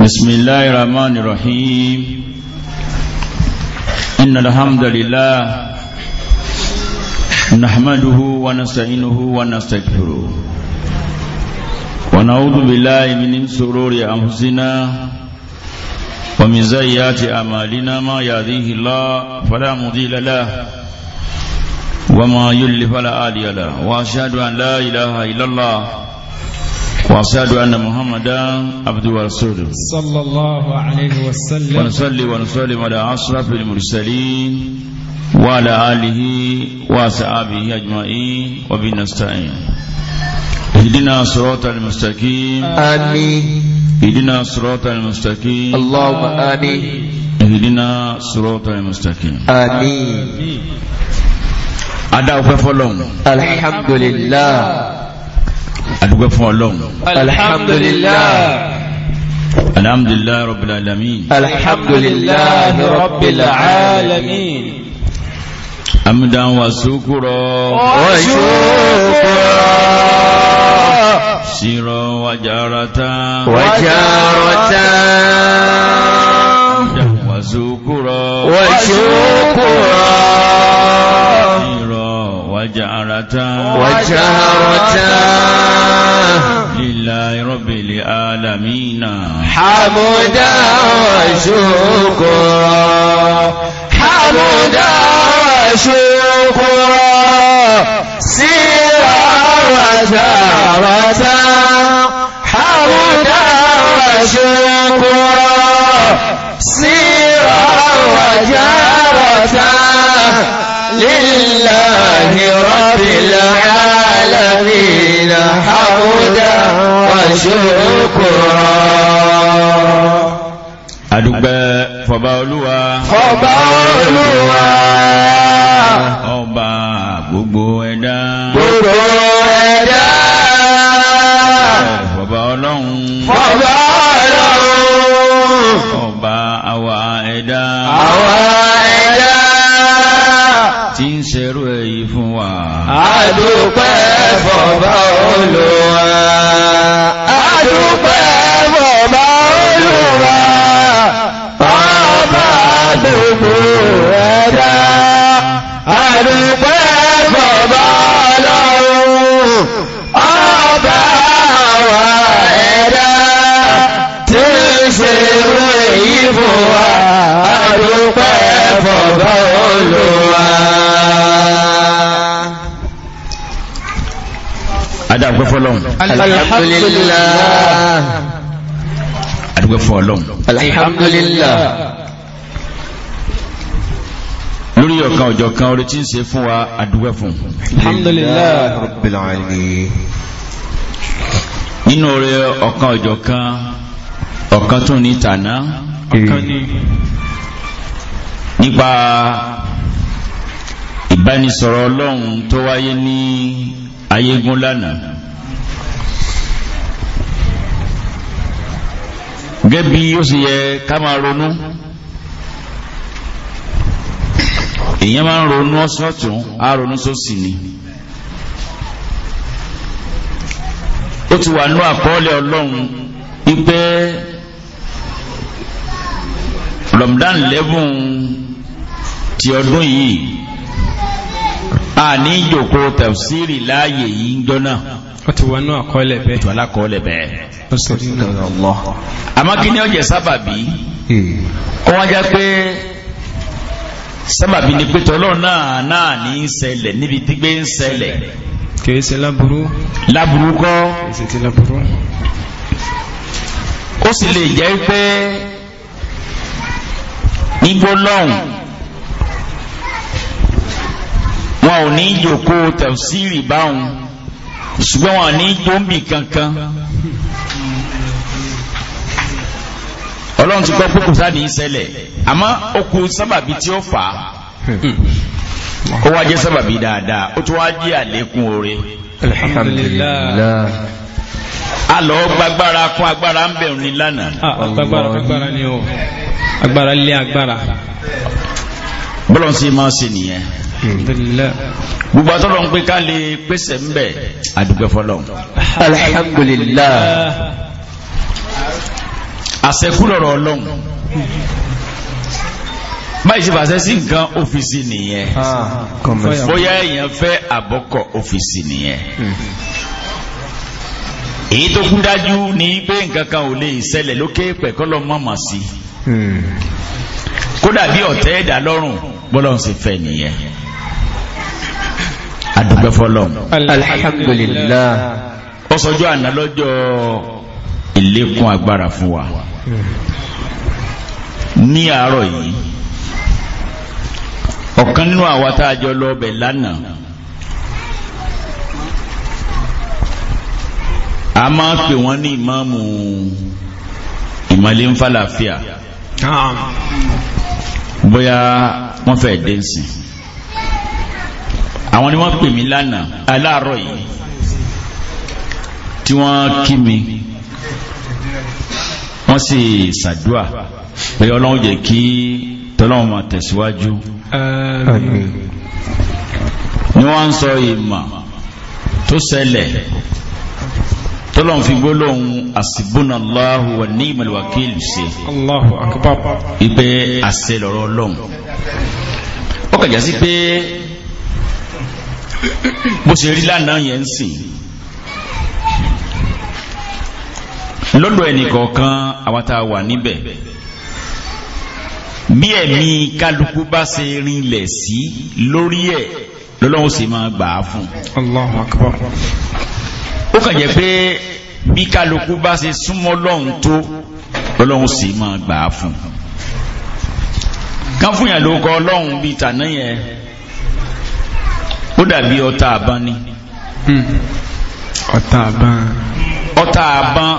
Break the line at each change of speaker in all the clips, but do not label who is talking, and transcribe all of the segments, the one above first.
بسم الله الرحمن الرحيم إن الحمد لله نحمده ونستعينه ونستغفره ونعوذ بالله من سرور أنفسنا ومن سيئات أعمالنا ما يهديه الله فلا مضل له وما يضلل فلا هادي له وأشهد أن لا إله إلا الله وأشهد أن محمدا عبده ورسوله صلى
الله عليه وسلم
ونصلي ونسلم على أشرف المرسلين وعلى آله وأصحابه أجمعين وبنستعين اهدنا صراط المستقيم آمين اهدنا صراط المستقيم اللهم آمين اهدنا صراط المستقيم آمين أدعو فلون الحمد لله adúgbẹ́ fún ọlọ́run
alhamdulillah
alhamdulillah rabbil alamin alhamdulillah rabbil alamin amdan wa shukura wa shukura sirra wa jarata
wa jarata amdan wa shukura wa shukura
وجعلتا وجهرتا لله
رب العالمين حمدا وشكرا حمدا وشكرا سيرا وجهرتا حمدا وشكرا سيرا وجهرتا لله رب العالمين حمدا وشكرا adúgbẹ́
fọba olúwa
fọba olúwa ọba gbogbo ẹ̀dá gbogbo ẹ̀dá
fọba
ọlọ́run fọba
dúpẹ́ fọba olúwa.
adúgbò fọ́lọ́hun alhamdulillah
adúgbò fọ́lọ́hun alhamdulillah lórí ọ̀kan ọjọ́ kan orí tí ń ṣe fún wa adúgbò fún alhamdulillah rabbil alamin nínú orí ọ̀kan ọjọ́ kan ọ̀kan tún ní tàná nípa ìbánisọ̀rọ̀ ọlọ́run tó wáyé ní ayégún lánàá gẹ́gẹ́ bí ó sì yẹ ká máa ronú èèyàn máa ń ronú ọ̀sọ̀tún á ronú sósì ni ó ti wà nínú àkọọ́lẹ̀ ọlọ́run wípé Ramadan lẹ́bùn ti ọdún yìí a ní ìjòkó tafsiri láàyè yìí ń jọ náà wọ́n ti wọnú àkọọ́lẹ̀ bẹ́ẹ̀. wọ́n ti wọnú àkọọ́lẹ̀ bẹ́ẹ̀. àmọ́ kí ni ó jẹ́ sábàbí kọ́ hmm. wọ́n pé sábàbí ni pé tọ́lọ́ náà náà ní í ṣẹlẹ̀ níbi tí gbé ń ṣẹlẹ̀. kìí ṣe láburú. láburú kọ́. ó sì lè jẹ́ pé nígbó lọ́hùn wọn ò ní jòkó tẹ̀síìrì báwọn ṣùgbọ́n wọn ní gbòǹbì kankan ọlọ́run ti gbọ́ pé kò sáà ní í ṣẹlẹ̀ àmọ́ okù sábàbí tí ó fà á ó wá jẹ́ sábàbí dáadáa ó tún wá jẹ́ àlékún oore.
alhamdulillah
alọ́ gbagbára kún agbára ń bẹ̀rù ní lánàá. Ah, agbára agbára
o agbára lé
agbára. bọ́lọ̀ ń ṣe máa ń ṣe nìyẹn gbogbo àtọ́lọ́ ń pé ká lè pèsè ń bẹ̀ àdúgbò fọlọ́ alhamdulillah ọlọ́run báyìí ṣe fàṣẹ sí nǹkan ọ́fíìsì nìyẹn
ah,
bóyá èèyàn fẹ́ àbọ́kọ̀ ọ́fíìsì nìyẹn èyí tó kún dájú ní pé nǹkan kan ò lè ṣẹlẹ̀ lókè pẹ̀kọ́lọ́ mọ̀mọ̀ sí hmm. kódà bí ọ̀tẹ́ ẹ̀dá lọ́rùn bọ́lọ́run sì fẹ́ nìyẹn àdúgbẹ́ fọ́lọ̀ alhamdulillah ó sọjọ́ àná lọ́jọ́ ìlékún agbára fún wa ní àárọ̀ yìí ọ̀kan nínú àwa tá a jọ lọ ọbẹ̀ lánàá a máa pè wọ́n ní ìmáàmù ìmọ̀lẹ́ ń fàlàáfíà bóyá wọ́n fẹ́ dé àwọn ni wọ́n pè mí lánàá aláàárọ̀ yìí tí wọ́n kí mi wọ́n sì ṣàdúà pé ọlọ́run jẹ́ kí tọ́lọ́run máa tẹ̀síwájú ni wọ́n ń sọ ìmọ̀ tó ṣẹlẹ̀ tọ́lọ́n fi gbólóhùn àsìbónà Allahu wa ní ìmọ̀lúwàkílù sí Allahu akbar ìpé àṣẹ lọ́rọ̀ ọlọ́run ó kàjá sí pé bó ṣe rí lánàá yẹn ń sìn lọ́dọ̀ ẹnìkọ̀ọ̀kan àwọn tá a wà níbẹ̀ bí ẹ̀mí kálukú bá ṣe rinlẹ̀ sí lórí ẹ̀ lọ́lọ́run sì máa gbà á fún. Allahu Akbar. ó kàn jẹ́ pé bí kálukú bá ṣe súnmọ́ lọ́hùn tó lọ́lọ́run sì máa gbà á fún. ká fún yàn ló kọ ọlọ́run bíi tàná ó dàbí ọta àbán ni.
Hmm. ọta àbán.
ọta àbán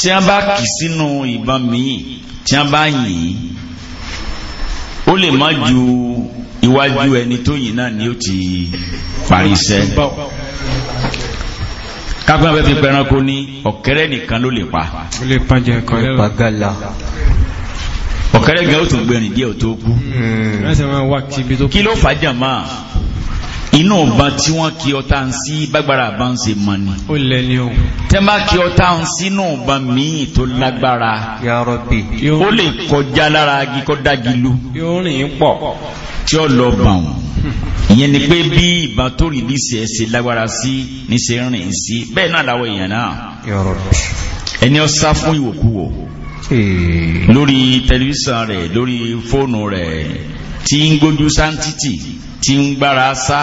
tí wọ́n bá kì sínú ìbọn míì tí wọ́n bá yìn ó lè má ju iwájú ẹni tó yìn náà ni ó ti parí iṣẹ́ kápẹ́ abẹ́ pẹranko ní ọ̀kẹ́rẹ́ nìkan ló lè pa
ọ̀kẹ́rẹ́ gan ó tún
gbẹ̀rìn díẹ̀ tó kú
hmm. kí ló
fàájà máa inú ọba tí wọ́n kí ọta ń sí bágbára bá ń ṣe mọ́ ni. ó lẹ ní o. tẹ́ máa kí ọta ń sínú ọba míì tó lágbára. ó lè kọjá lára agi kọ́ dági tí ó lọ bà wọ́n. ìyẹn ni pé bí ìbọn tó rìn níṣe ẹsẹ lágbára sí níṣe rìn sí bẹ́ẹ̀ náà làwọn èèyàn náà. Ya Rabbi. ẹni ó sá fún ìwòkuwò. lórí tẹlifíṣàn rẹ̀ lórí fóònù rẹ̀ tí ń gbójú sáńtítì tí ń gbára sá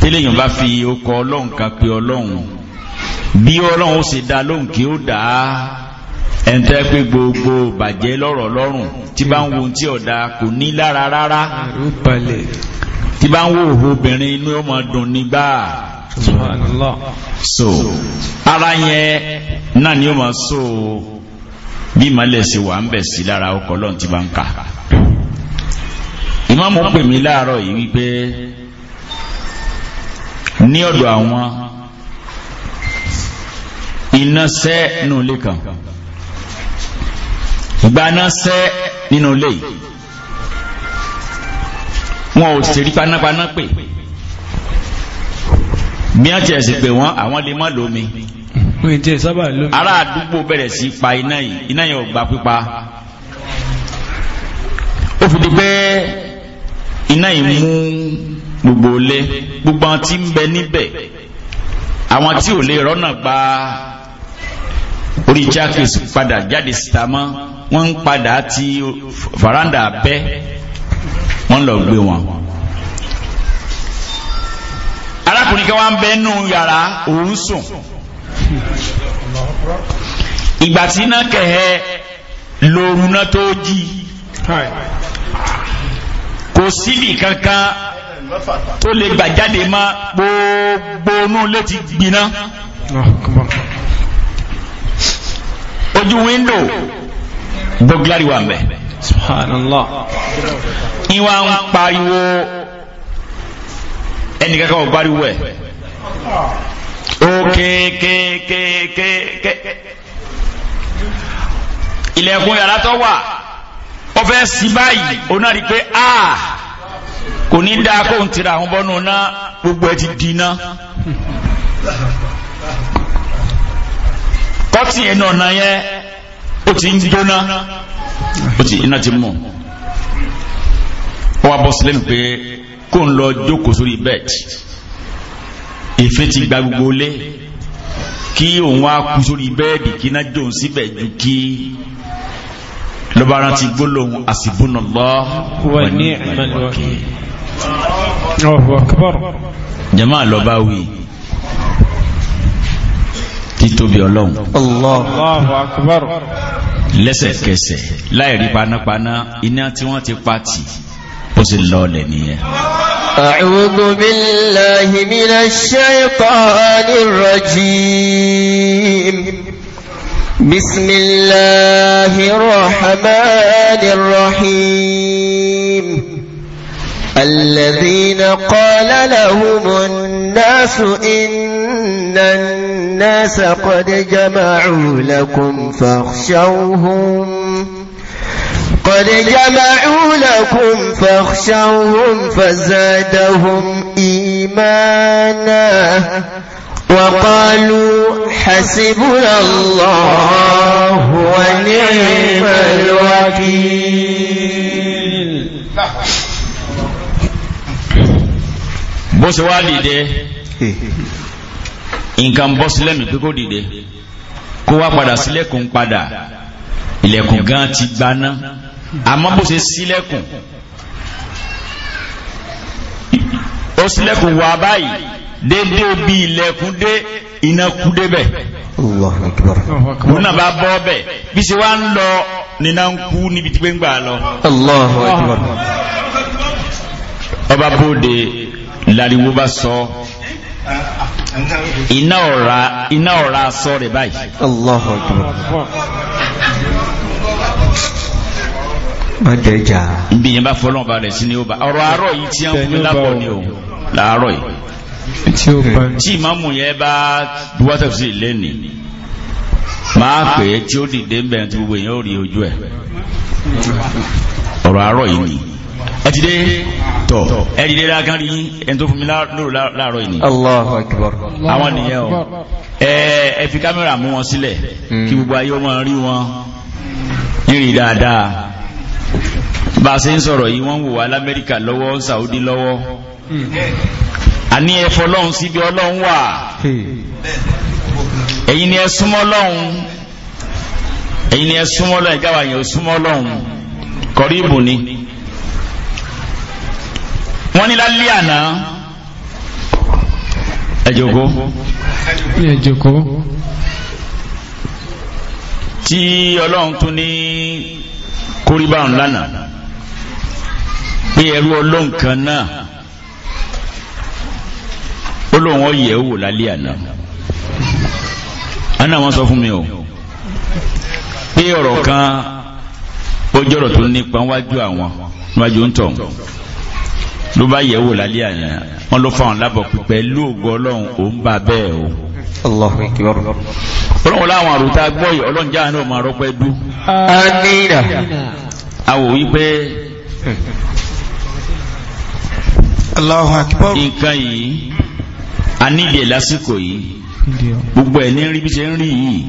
tẹ́lẹ̀yìn bá fi okọ̀ ọlọ́run kan pé ọlọ́run bí ọlọ́run ó sì dá lóhùn kí ó dá ẹ̀ńtẹ́ pé gbogbo bàjẹ́ lọ́rọ̀ lọ́rùn tí bá ń wo tí ọ̀dà kò ní lára rárá tí bá ń wo òhò obìnrin inú ọmọ dùn nígbà so ara yẹn náà ni ó máa so bí ìmọ̀lẹ̀ sí wà ń bẹ̀ sí lára ọkọ̀ ọlọ́run tí bá ń kà ìmáàmù pè mí láàárọ̀ yìí wípé ní ọ̀dọ̀ àwọn iná sẹ́ nínú ilé kan gbaná sẹ́ nínú ilé yìí wọn ò sì rí panápaná pè bí wọ́n tiẹ̀ sì pè wọ́n àwọn lè má lómi ará àdúgbò bẹ̀rẹ̀ sí pa iná yìí iná yìí ò gba pípa ó fi di pé iná yìí mú gbogbo lé gbogbo àwọn tí ń bẹ níbẹ̀ àwọn tí ò lè rọ́nà gba orí jákèjì padà jáde síta mọ́ wọ́n ń padà ti faranda bẹ́ wọ́n lọ gbé wọn. arákùnrin kan ń bẹ nù yàrá òun sùn ìgbà tí iná kẹ̀hẹ́ lòrùn náà tó jí kò síbì kankan tó lè gbà jáde má gbogbo inú ló ti gbiná ojú wíńdò burglary wà ńbẹ̀ subhanallah ìwà ń pariwo ẹnìkankan ò pariwo ẹ̀ ó
kéékéékéékéé
ilẹ̀kùn yàrá tó ọfẹ́ sí báyìí pé a ah, kò ní dáa kó ń tira àwọn bọ́nú náà gbogbo ẹ ti di iná kọ́tì ẹnu ọ̀nà yẹn ó ti ń jóná ó ti iná ti mú ó wá bọ́ sílẹ̀ pé kó ń lọ jókòó sórí bẹ́ẹ̀dì èéfé ti gba gbogbo lé kí òun wá kú sórí bẹ́ẹ̀dì kí iná jòun síbẹ̀ ju kí ló bá rántí gbólóhùn àsìbúnàlọ́ wa ni'mal wakil jama lọ bá wí títóbi ọlọ́run
Allahu akbar
lẹ́sẹ̀kẹsẹ̀ láìrí panápaná iná tí wọ́n ti pàtì ó sì lọ́ọ̀lẹ̀ nìyẹn
أعوذ بالله من الشيطان الرجيم بسم الله الرحمن الرحيم الذين قال لهم الناس إن الناس قد جمعوا لكم فاخشوهم قد جمعوا لكم فاخشوهم فزادهم إيمانا وقالوا حسبنا الله ونعم الوكيل
bó ṣe wá dìde nǹkan bọ́ sílẹ̀ mi pé kó dìde kó wá padà sílẹ̀kùn padà ilẹ̀kùn gan ti gbaná àmọ́ bó ṣe sílẹ̀kùn ó sílẹ̀kùn wá báyìí dédé bí ilẹ̀kùn dé iná kú débẹ̀
òun bọ́
bẹ̀ bí ṣe wá ń lọ nínà ń kú níbi tí pé ń gbà lọ ọba bóde lariwo bá sọ iná ọ̀rá sọ rẹ̀ báyìí ìbìyàn bá fọ́lọ́ọ̀bá rẹ̀ sí ní ó bá ọ̀rọ̀ àárọ̀ yìí tí o láàárọ̀ tí ìmáàmù yẹn bá wọ́tẹ̀ sí lẹ́nì máa pè é tí ó dìde ń bẹ̀rẹ̀ tí gbogbo èèyàn ó rí ojú ẹ̀ ọ̀rọ̀ àárọ̀ yìí ni ẹ ti dé tọ̀ ẹ ti dé lágán rí ẹni tó fún mi lóòrò láàárọ̀ yìí ni Allahu Akbar àwọn nìyẹn o ẹ fi kámẹ́rà mú wọn sílẹ̀ kí hmm. gbogbo ayé ọmọ rí wọn nírì dáadáa bá a ṣe ń sọ̀rọ̀ yìí wọ́n wò wá lamẹ́ríkà lọ́wọ́ Saudi lọ́wọ́ hmm àní ẹ̀fọ́ ọlọ́run síbi ọlọ́run wà ẹ̀yin ni ẹ súnmọ́ ọlọ́run ẹ̀yin ni ẹ súnmọ́ ọlọ́run ìjáwá yẹn ò súnmọ́ ọlọ́run kọrí ìbò ni wọ́n ní lálẹ́ àná ẹ jókòó tí ọlọ́run tún ní kórìbáhùn lánàá pé ẹrú ọlọ́run kan náà. ó ọwọ yẹ̀ wò lálẹ́ àná wọn sọ fún mi o pé ọ̀rọ̀ kan ó jọ̀rọ̀ tó nípa wájú àwọn wájú ń tọ̀ ló bá yẹ̀ wò àná wọn ló fáwọn lábọ̀ pípẹ́ lóògùn ọlọ́run bá bẹ́ẹ̀ o. Allahu Akbar. ọlọ́run láwọn a nídìí ẹ̀ lásìkò yìí gbogbo ẹ̀ ní rí bí ṣe ń rí yìí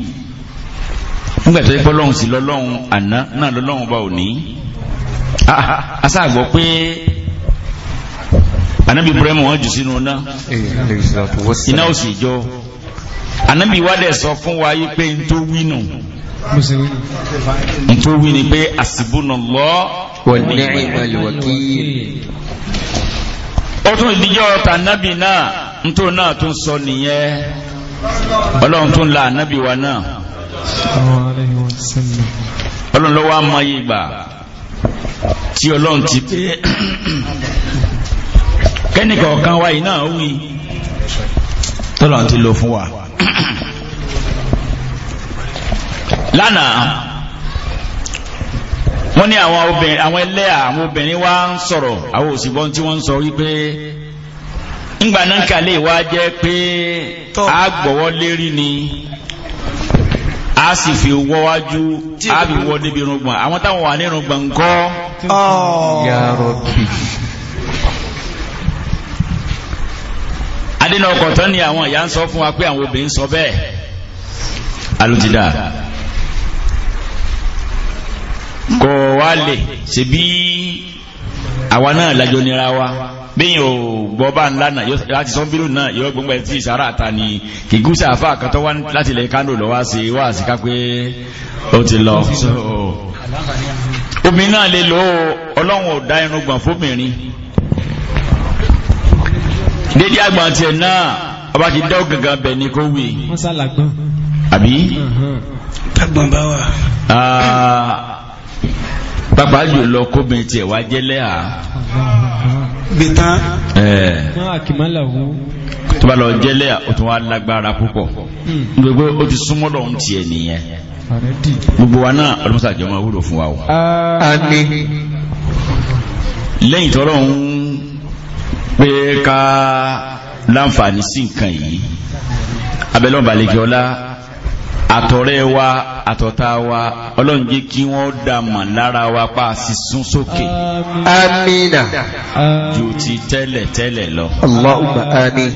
nígbà tó yẹ pé ọlọ́run sí lọ́lọ́run àná náà lọ́lọ́run bá ò ní asáàgbọ́ ah, pé anábì Ibrahim wọn jù sínú náà iná ò sì jọ anábì wádẹ̀ sọ fún wa yí pé n tó wí nù n tó wí ni pé àsìbùnàlọ́ wal ni'mal wakil ó tún ìdíjọ́ tànábì náà nítorí náà tún sọ nìyẹn ọlọ́run tún la ànábì wa náà ọlọ́run lọ́wọ́ amáyé ìgbà tí ọlọ́run ti pé kẹ́nìkan ọ̀kan wa yìí náà wí tọ́lọ́run ti lò fún wa lánàá wọ́n ní àwọn obìnrin àwọn obìnrin wa ń sọ̀rọ̀ àwọn òsìgbọ́n tí wọ́n ń sọ wípé ńgbà náà kàlẹ́ wá jẹ́ pé a gbọ́wọ́ lérí ni a sì fi wọ́wájú a fi wọ́ débi irùngbọ̀n àwọn táwọn wà ní irùngbọ̀n ńkọ́
oh.
adínà ọkọ̀ tán ni àwọn ìyá ń sọ fún wa pé àwọn obìnrin sọ bẹ́ẹ̀ alùtìdá kò wá ṣe bí
àwa náà lájọ nira wa
bẹ́yìn ò gbọ́ bá ńlá náà láti sọ́nbírù náà yóò gbogbo ẹ̀ tí ìsára àta ni kìgúsà àfà kan tó wá láti ilẹ̀ kánò lọ wá sí wá sí ká pé ó ti lọ. obìnrin náà lè lo ọlọ́run ò irun gbọ̀n fóbìnrin dédé àgbọ̀n tiẹ̀ náà ọba ti dá gangan bẹ̀ ni kó wí. àbí pápá jùlọ kóbin tiẹ̀ wá jẹ́lẹ́ à. gbẹ̀tán. ẹ̀ẹ́.
wọ́n àkìmọ́là wú.
tó bá lọ jẹ́lẹ́ à ó tún wá lágbára púpọ̀. gbogbo hmm. ó ti súnmọ́ lọ́hún tiẹ̀ nìyẹn. gbogbo wa náà ọlọ́mọsá jẹ́ ọmọ wúlò fún wa o. àní. lẹ́yìn tọ́rọ̀ ń pé ká láǹfààní sí nǹkan yìí
abẹ́lẹ́ ọ̀bàlẹ̀
àtọ̀rẹ́ wa àtọ̀tá wa ọlọ́run jẹ́ kí wọ́n dàmà lára wa pa sí sún sókè
amina
jù ti tẹ́lẹ̀ tẹ́lẹ̀ lọ Allahumma amin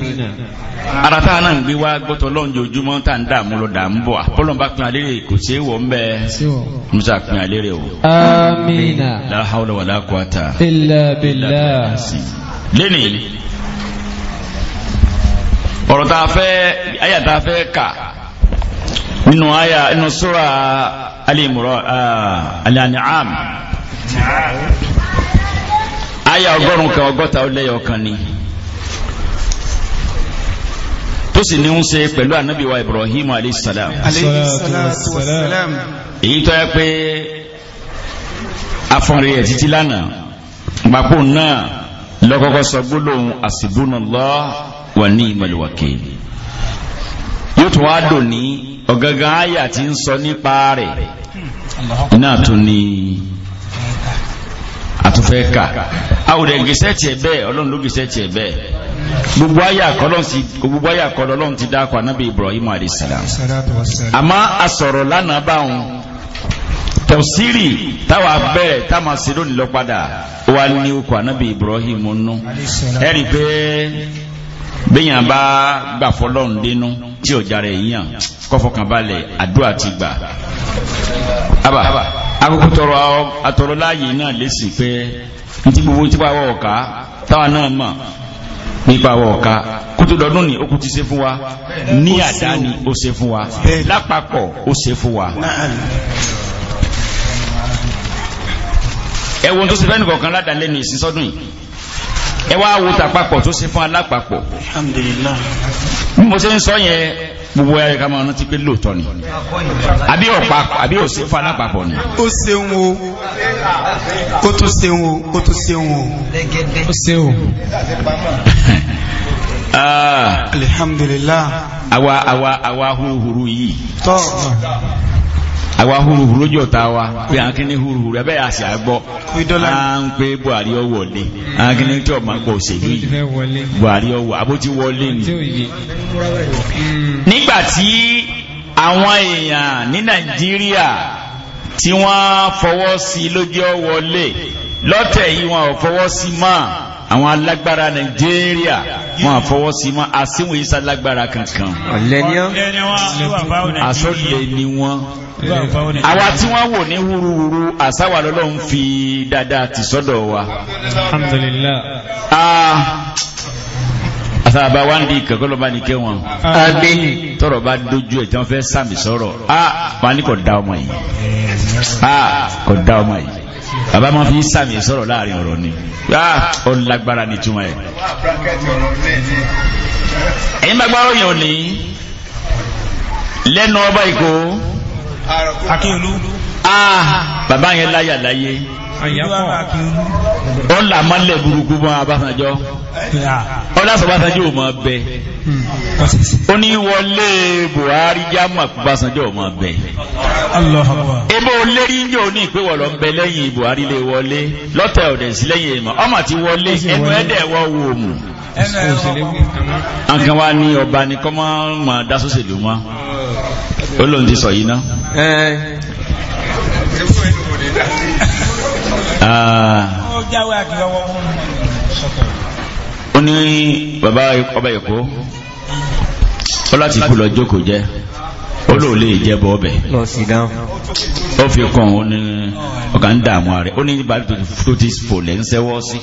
ara náà ń gbé wá gbọ́tọ̀ ọlọ́run jẹ́ ojúmọ́ tá ń dààmú lọ dà bọ̀ àpọ́lọ́n bá pin àlérè kò sí wọ́n ń bẹ́ musa pin àlérè o
amina
la hawla wala quwata ọ̀rọ̀ a fẹ́ ayà fẹ́ kà nínú àyà nínú sura alimuro ah, al-An'am àyà ọgọ́rùn kan ọgọ́ta ó lẹ́yọ kan ni tó sì ní ń ṣe pẹ̀lú ànábì wa Ibrahim alayhi salam èyí tó yẹ pé afọ́nrin ẹ̀ títí lánàá gbapò náà lọ́kọ́kọ́ sọ gbólóhùn àsìbúnà Allah wa ni'mal yóò tún wá dò ní ọ̀gangan àyà ti ń sọ nípa rẹ̀ iná tún ni àtúfẹ́ kà àwòrán gẹ̀ẹ́sẹ̀ bẹ́ẹ̀ ọlọ́run ló gẹ̀ẹ́sẹ̀ bẹ́ẹ̀ gbogbo ayé kọlọ ti gbogbo ti dákọ̀ anábì Ibrahim alayisalaam lánàá bẹ́yàn bá gbà fọlọ́run dénú tí ọjà rẹ̀ yíyàn kọ́fọkànbalẹ̀ àdúrà ti gbà. àbà akókó tọrọ àtọrọ láàyè náà lẹ́sìn pé ntí gbogbo tí wàá wọ̀ ọ̀ká táwa náà mọ̀ nípa wọ̀ ọ̀ká kótó ni ó kú ti ṣe fún wa ní àdáni ó ṣe fún wa lápapọ̀ ó ṣe fún wa ẹ̀wọ̀n tó ṣe fẹ́ nìkan kan ládàá lẹ́nu ìsinsọ́dún yìí ẹ wá wo tàpapọ̀ tó ṣe fún alápapọ̀ alhamdulillah bí mo ṣe ń sọ yẹn gbogbo ayé ká máa rántí pé lóòótọ́ ni àbí ọ̀pá àbí ò ṣe fún alápapọ̀ ni.
ó ṣeun o ó tún ṣeun o ó tún ṣeun o ó ṣeun o.
Ah. alhamdulillah. àwa àwa àwa hurúhurú yìí. tọ́ àwa húrùhúrú jọ ta wa pé akíní húrùhúrú ẹbẹ́ àṣà gbọ́ a ń pé buhari ọ wọlé akíní tí ọmọ pọ̀ òṣèlú yìí buhari ọ wọ wọlé ni. nígbà àwọn èèyàn ní nàìjíríà tí wọ́n fọwọ́ sí lójú ọ wọlé lọ́tẹ̀ yìí wọn ò fọwọ́ sí mọ́ àwọn alágbára Nigeria, wọn àfọwọ́ sí mọ́ àsíwọ̀n yìí sálágbára kankan àsọ́lẹ̀ ni wọ́n àwa tí wọ́n wò ní wúruwúru àsáwà lọ́lọ́ ń fi dáadáa ti sọ́dọ̀ wa
alhamdulillah
àtàbà wá ń di ìkẹ̀kọ́lọ́ bá ní kẹ́ wọn àmín bá dójú ẹ̀ tí wọ́n fẹ́ sàmì sọ̀rọ̀ ah wọ́n ní kò ah kò dá ọmọ yìí bàbá máa fi sàmì sọ̀rọ̀ láàrin ọ̀rọ̀ ni ó lágbára ní túmọ̀ ẹ̀. ẹ̀yin bá gbárò yàn ní lẹ́nu ọba ìkó. akínyìnlú. Ah, bàbá yẹn láyà láyé ọ̀là mọ́lẹ̀ burúkú mọ́ abásanjọ́
ọ̀là sọ̀básanjọ́ ò
mọ́ bẹ hmm. ó ní wọlé Buhari jámà básanjọ́ ò mọ́ bẹ ebó lérí ń jò ní ìpéwọ̀ lọ bẹ lẹ́yìn Buhari lè wọlé lọ́tẹ̀ ọ̀dẹ̀ sí lẹ́yìn ìmọ̀ ọmọ ti wọlé ẹnu ẹ̀dẹ̀ wọ́ wò mù àǹkan wa ní ọba ní kọ́mọ́ mọ̀ dásòsèlú mọ́ ó lóun ti sọ yìí ná ó ní bàbá ọba èkó ó láti kú lọ jókòó jẹ́ ó lò lè jẹ́ bọ́ ọbẹ̀ ó fi kàn ó ní ọkà ń dààmú rẹ̀ ó ní ìbàdí tó ti fò lẹ́ ń sẹ́wọ́ sí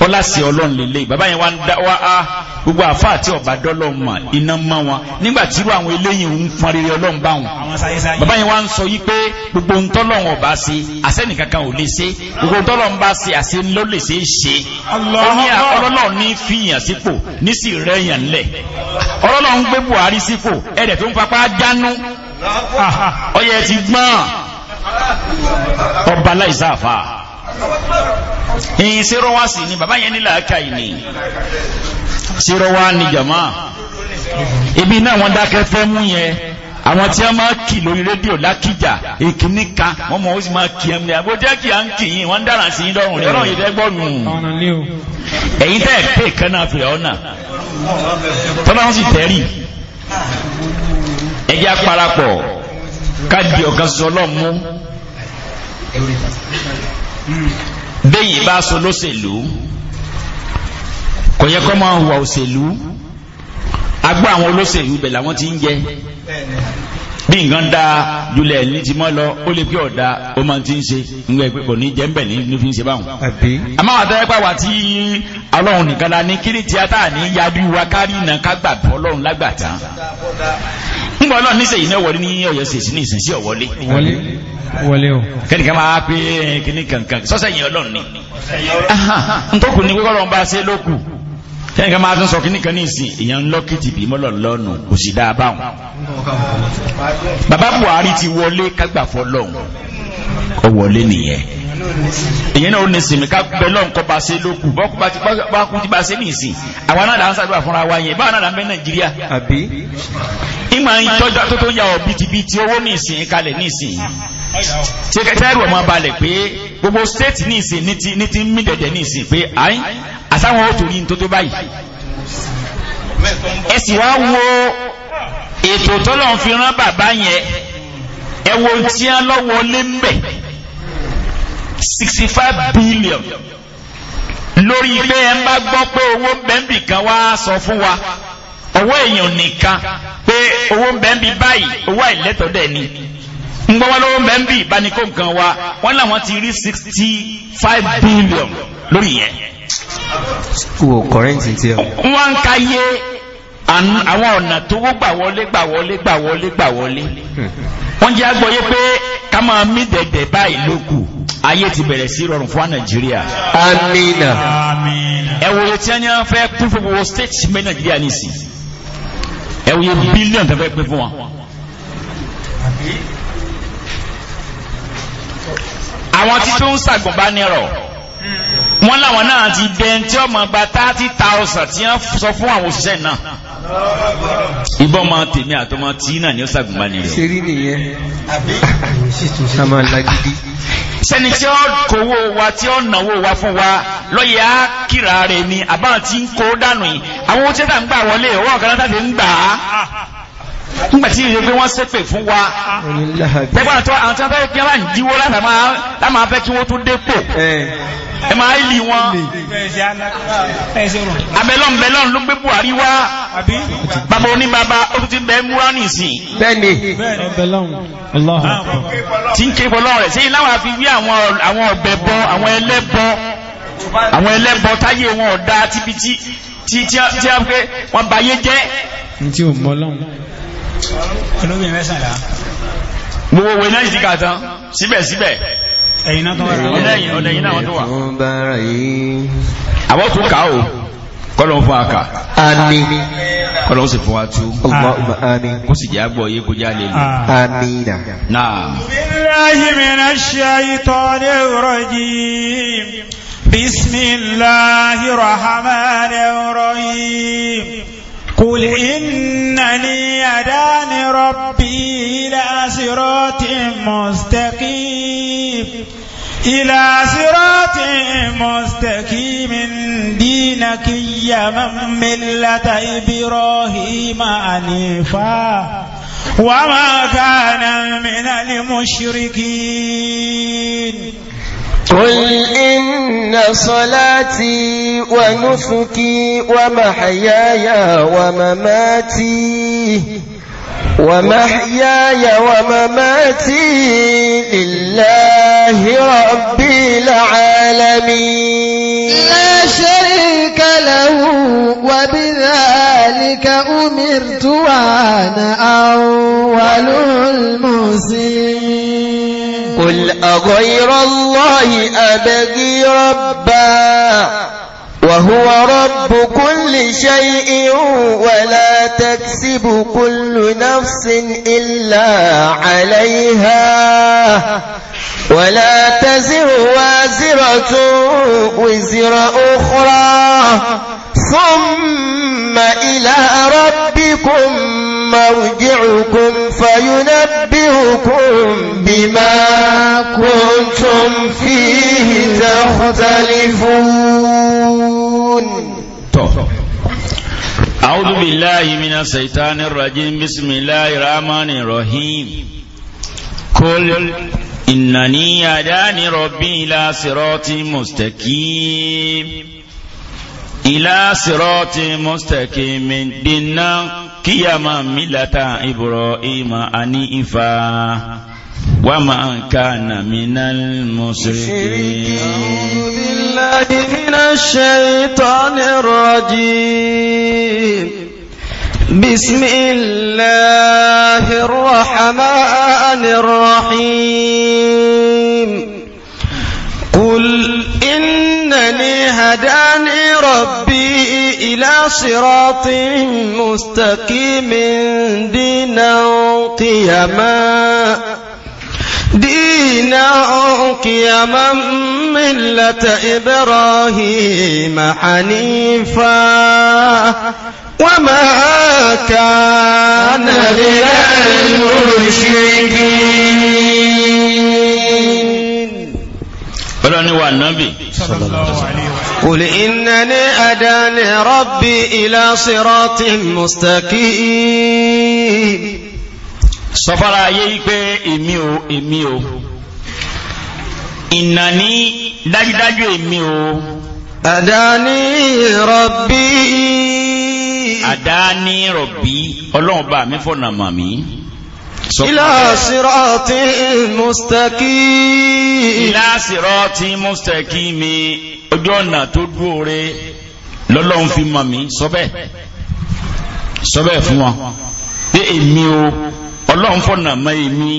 ó láti ọlọ́run lélẹ̀ bàbá yẹn wá ń dá wá á gbogbo àfa àti ọ̀bà dọ́lọ́ mà iná mọ́ wọn nígbà tí irú àwọn eléyìí ń fọn rere ọlọ́run bá wọn bàbá yẹn wá ń sọ yìí pé gbogbo ohun tọ́lọ́run ọba ṣe àsẹ́nìkankan ò lè ṣe gbogbo ohun tọ́lọ́run bá ṣe àṣẹ ló lè ṣe é ṣe ó ní ọlọ́run ní fìyàn sípò ní sì rẹ́yàn ọba láìsáàfà ìyìn sírọ́wá sí ni bàbá yẹn nílà ákà ìní sírọ́wá ni jàmá ibi náà wọ́n dákẹ́ fẹ́ mú yẹn àwọn tí a máa kì lórí rédíò lákìjà ìkíní kan wọ́n mọ̀ ó sì máa kì ẹ́ mìíràn bó jẹ́ kí à ń kì yín wọ́n ń dára sí i lọ́rùn lọ́rùn yìí dẹ́gbọ́nù ẹ̀yin tẹ́ ẹ̀ pé kan náà fìlẹ̀ ọ̀nà tọ́lá wọn sì tẹ́rì ẹ̀jẹ̀ àparapọ̀ káàdì ọ̀kan sọ ọlọ́mú bẹ́yìn bá so lóṣèlú kò yẹ kọ́ máa hùwà òṣèlú agbó àwọn olóṣèlú bẹ̀ làwọn ti ń jẹ bí nǹkan da julẹ̀ ní ti mọ́ lọ ó lè pé ọ̀dà ó máa ti ń ṣe nígbà pé kò ní jẹ́ ń bẹ̀ ní fi ń ṣe báwọn. àmọ́ pàwà tí ọlọ́run nìkan la ní kí ni ní yadu wa kárí iná ká ọlọ́run lágbàtà. ń bọ̀ níṣẹ́ yìí náà wọlé ní ọ̀yọ́ ní ni. ntọ́kùn ni pé ẹnìkà máa tún sọ kí nìkan ní ìsìn èèyàn ń lọ́kìtì bí mọ́lọ̀ lọ́nù kò sì dáa báwọn bàbá Buhari ti wọlé kágbàfọ́ lọ́hùn kọ wọlé nìyẹn ìyẹn náà ó ní sinmi ká bẹ lọ́nkọ́ bá ṣe lókù bọ́kú ti bá ṣe ní ìsìn àwọn náà dáhùn sàdúrà fúnra wa yẹn báwọn náà dáhùn bẹ nàìjíríà. àbí. ìmọ̀ ẹyin tọ́jú tó tó ń ya ọ̀ bìtìbìtì owó ní ìsìn kalẹ̀ ní ìsìn. sekẹtẹ́rù ọmọ balẹ̀ pé gbogbo stéètì ní ìsìn ní ti mí dẹ̀dẹ̀ ní ìsìn pé àyín
àsáwọn ó torí nítorí báyìí.
ẹ sì wá wo
ètò tọ́lọ́ fi rán bàbá yẹn ẹwọ tí a lọ́wọ́ lé mbẹ̀ 65 billion lórí pé ẹ bá gbọ́ pé owó bẹ́ẹ̀bì kan wá sọ fún wa owó èèyàn nìkan pé owó bẹ́ẹ̀bì báyìí owó àìlẹ́tọ̀ dẹ̀ ni ń gbọ́ wá lówó bẹ́ẹ̀bì ìbánikó nǹkan wa wọ́n làwọn ti rí 65 billion lórí yẹn.
wò wọ́n
ń ka àwọn ọ̀nà tó wó gbà wọlé gbà wọlé gbà wọlé gbà wọlé wọ́n jẹ́ agbọ́yé pé ká máa mí dẹ̀dẹ̀ báyìí lókù ayé ti bẹ̀rẹ̀ sí rọrùn fún nàìjíríà amina ẹwòye tí wọ́n fẹ́ kún fún gbogbo state mẹ́ nàìjíríà nìsí ẹwòye bílíọ̀n tó fẹ́ pín fún wọn àwọn tí tó ń ṣàgbọ̀nbánirọ̀ wọ́n láwọn náà ti bẹ́ẹ̀ tí ó máa gba thirty thousand tí wọ́n sọ
fún àwọn òṣìṣẹ́ náà.
ìbọn máa tèmi àtọmọ tí náà ni ó ṣàgùnbá ni rẹ.
ṣeré nìyẹn àmà lagidi. sẹ́ni tí ó kówó
wa tí ó náwó wa fún wa lọ́yẹ̀ á kíra rẹ̀ ni àbáwọn tí ń kó dànù yìí àwọn ohun tí ń gbà wọlé ọwọ́ ọ̀kan náà tàbí ń gbà á nígbàtí ìyẹ́ pé wọ́n sẹ́fẹ̀ fún wa pẹ́gbọ́n tó àwọn tí wọ́n fẹ́ kí wọ́n jíwó láàmà fẹ́ kí wọ́n tó dépò
ẹ máa ìlì wọn
abẹ́lọ́n bẹ́lọ́n ló gbé Buhari wá bàbá oní bàbá ó ti bẹ́ múra nìsín bẹ́ẹ̀ni tí ń ké bọ́lọ́n rẹ̀ sí láwọn àfi wí àwọn ọ̀bẹ̀ bọ àwọn ẹlẹ́bọ àwọn ẹlẹ́bọ táyé wọn ọ̀dá tíbi tí tí tí wọ́n bayé jẹ́ tí ò mọ́lọ́run olóbìnrin mẹ́sànlá gbogbo owó iná ìsìnkà tán síbẹ̀síbẹ̀ ẹ̀yìn tó wà kọ́lọ̀un fún àkà àmín kọ́lọ̀un sì fún àtú àmín kó sì jẹ́ àgbọ̀ yé kó já lè lò ah. àmín náà
billahi minash shaitonir rajim
bismillahir rahmanir rahim
قل إنني أدان ربي إلى صراط مستقيم إلى
صراط مستقيم دينك يا من ملة إبراهيم أنيفا وما
كان من المشركين قل إن صلاتي ونسكي ومحياي ومماتي ومحياي ومماتي لله رب العالمين لا شريك له وبذلك أمرت وأنا أول المسلمين قل أغير الله أبغي ربا وهو رب كل شيء ولا تكسب كل نفس إلا عليها ولا تزر وازرة وزر أخرى ثم إلى ربكم مرجعكم فينبئكم بما كنتم فيه تختلفون أعوذ بالله من الشيطان الرجيم بسم
الله الرحمن الرحيم قل إنني هداني ربي إلى صراط مستقيم إلى صراط مستقيم دنا قيما ملة إبراهيم أنيفا وما كان من المسلمين
أعوذ
بالله من الشيطان الرجيم بسم الله الرحمن الرحيم قل إن إنني هداني ربي إلى صراط مستقيم دينا قيما دينا قيما ملة إبراهيم حنيفا وما كان من المشركين. Ọlọ́run ni wà nábì. صلى الله عليه وسلم قل إنني أداني ربي إلى صراط مستقيم sọfara
ayé ipe èmi o èmi o ìnàní dájúdájú èmi o àdáni rọ̀bí àdáni rọ̀bí ọlọ́run bá mi fọ̀nà màmí إلى
صراط مستقيم إلى
صراط مستقيم ojú ọ̀nà tó dúró re lọ́lọ́run fi mọ̀ mí sọ́bẹ̀
sọ́bẹ̀ fún wọn
pé èmi o ọlọ́run fọ̀nà mọ́ èmi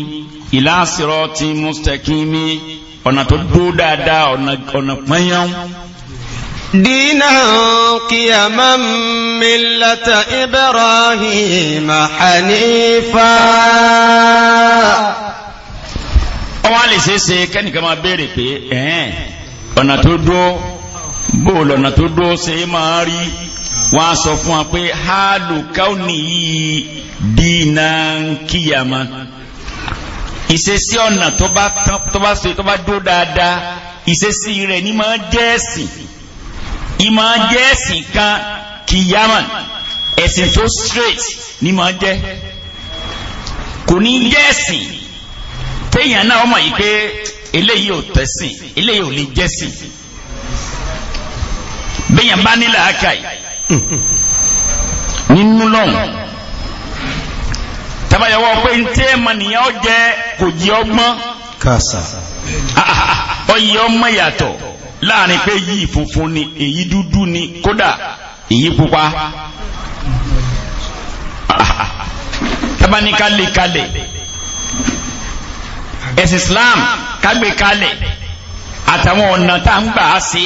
ìlà sírọ́ ti mustaqimi ọ̀nà tó dúró dáadáa ọ̀nà
pọ́nyán دينا قيما ملة إبراهيم حنيفا
wọ́n lè ṣe é ṣe kẹ́nìkan máa béèrè pé ẹ̀ẹ́n ọ̀nà tó dó bóòlù ọ̀nà tó dó ṣe é máa rí wọ́n á sọ fún wa pé hálù káwọnì yìí dínà kíyàmá ìṣesí ọ̀nà tó bá dó dáadáa ìṣesí rẹ̀ ní máa jẹ́ ẹ̀sìn ìmọ̀ jẹ́ ẹ̀sìn kan kìyàmọ̀ ẹ̀sìn tó straight ní mọ̀ jẹ́ kò ní jẹ́ ẹ̀sìn téèyàn náà mọ̀ yìí pé eléyìí ò tẹ̀sìn eléyìí ò lè jẹ́sìn béèyàn bá nílẹ̀ àkàì nínú lọ́hùn tabayọwọ pé ń tẹ́ ẹ̀mọ nìyẹn jẹ́ kò jí ọgbọ́n ọyẹ ọmọ yàtọ̀ láàrin pé yìí funfun ni èyí dúdú ni kódà èyí pupa tabani kalẹ̀ kalẹ̀ ẹ̀sìn Islam kágbé kalẹ̀ àtàwọn ọ̀nà tá ń gbà á sí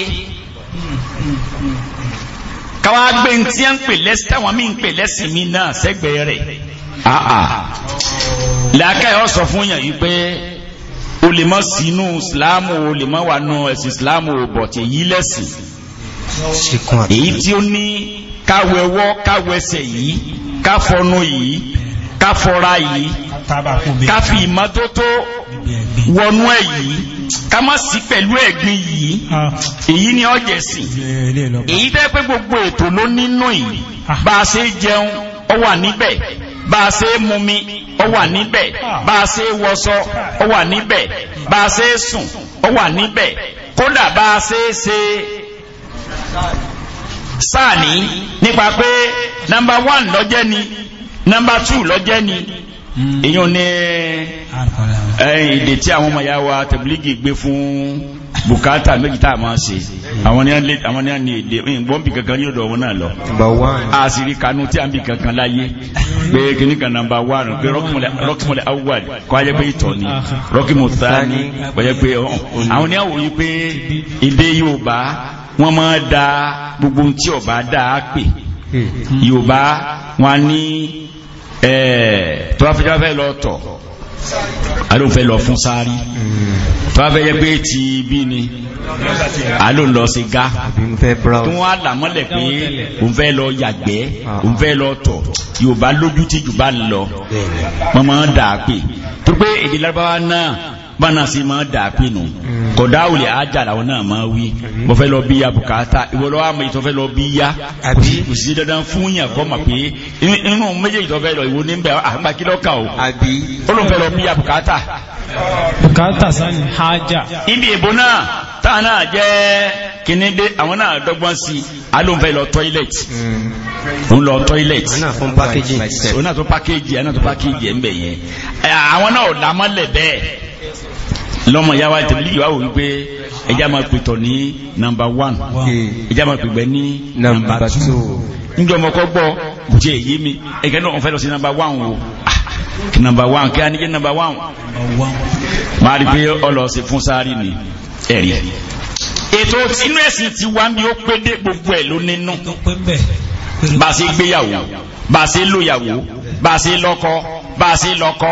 káwá gbé ń tí ń pè lẹ́sìn táwọn mí ń pè lẹ́sìn mi náà sẹ́gbẹ̀ẹ́ rẹ̀ láàkà sọ fún yàn yìí pé o lè mọ́ sínú ìsìláàmù o lè mọ́ wà nù ẹ̀sìn ìsìláàmù o bọ̀ tí èyí lẹ́sìn èyí tí ó ní káwẹ̀wọ́ káwẹ̀sẹ̀ yìí káfọnu yìí káfọra yìí káfi ìmọ́tótó wọnú ẹ̀ yìí ká má sí pẹ̀lú ẹ̀gbin yìí èyí ni ọ̀jẹ̀ sí èyí tẹ́ pé gbogbo ètò ló nínú yìí bá a ṣe jẹun ó wà níbẹ̀ bá a ṣe mumi ó wà níbẹ̀ bá a ṣe wọṣọ ó wà níbẹ̀ bá a ṣe sùn ó wà níbẹ̀ kódà bá a ṣe ṣe sáà ní nípa pé nọ́mbà one lọ́jẹ́ ni nọ́mbà two lọ́jẹ́ ni èyàn ní èdè tí àwọn ọmọ ya wa tẹ̀bílígì gbé fún bùkátà méjì tá a máa ṣe àwọn ní à ní èdè ìgbọ́n bí kankan yóò dọ̀wọ́ náà lọ àṣírí kanú tí a ń bí kankan láyé pé kìíní kan nàmbà wà nù pé rọ́kìmọ̀lẹ̀ awwal kọ́ ayẹ́ pé ìtọ̀ ni rọ́kìmọ̀ thani wọ́yẹ́ pé àwọn ní àwòyí pé èdè Yorùbá wọ́n máa da gbogbo tí ọba dáa pè hmm. Yorùbá wọn ní Eh, tó bá fẹ́ fẹ́ lọ tọ̀ alóhùn fẹ́ lọ fún sáárì tó bá fẹ́ yẹ pé ti bí ni alóhùn lọ sí ga tó wọ́n á là mọ́lẹ̀ pé òun fẹ́ lọ yàgbẹ́ òun fẹ́ lọ tọ̀ Yorùbá lójú tí jù bá lọ mọ́mọ́ dàá pé tó pé èdè Lárúbáwá náà bana si ma dà pé nù kọ̀dá òlè ájà làwọn náà máa wí wọ́n fẹ́ lọ bí ya bùkátà ìwọ́lọ́ àmọ́ ìtọ́ fẹ́ lọ bí ya kò sí dandan fún yàn kọ́ mà pé o olùfẹ́ lọ bí ya bukata
bùkátà sani haja
ibi ìbò náà tá a náà jẹ́ kíní dé àwọn náà dọ́gbọ́n sí hmm. pakeji lọ́mọ ìyá wa tẹ̀lé ìwà wò wípé ẹjá máa pètọ̀ ní nàmbà 1 ẹjá máa pègbẹ́ ní nàmbà 2 nígbà ọmọkọ́ gbọ́ jẹ́ èyí mi ẹgẹ́ náà fẹ́ lọ sí nàmbà 1 o ah, nàmbà 1 kí a ní jẹ́ nàmbà 1 máa rí pé ọlọ́ọ̀sẹ̀ fún sáárì ni ẹ̀rí ètò inú ẹ̀sìn ti wá ní ó pé dé gbogbo ẹ̀ ló nínú bá a ṣe gbéyàwó bá a ṣe lóyàwó bá a ṣe lọ́kọ bá a ṣe lọ́kọ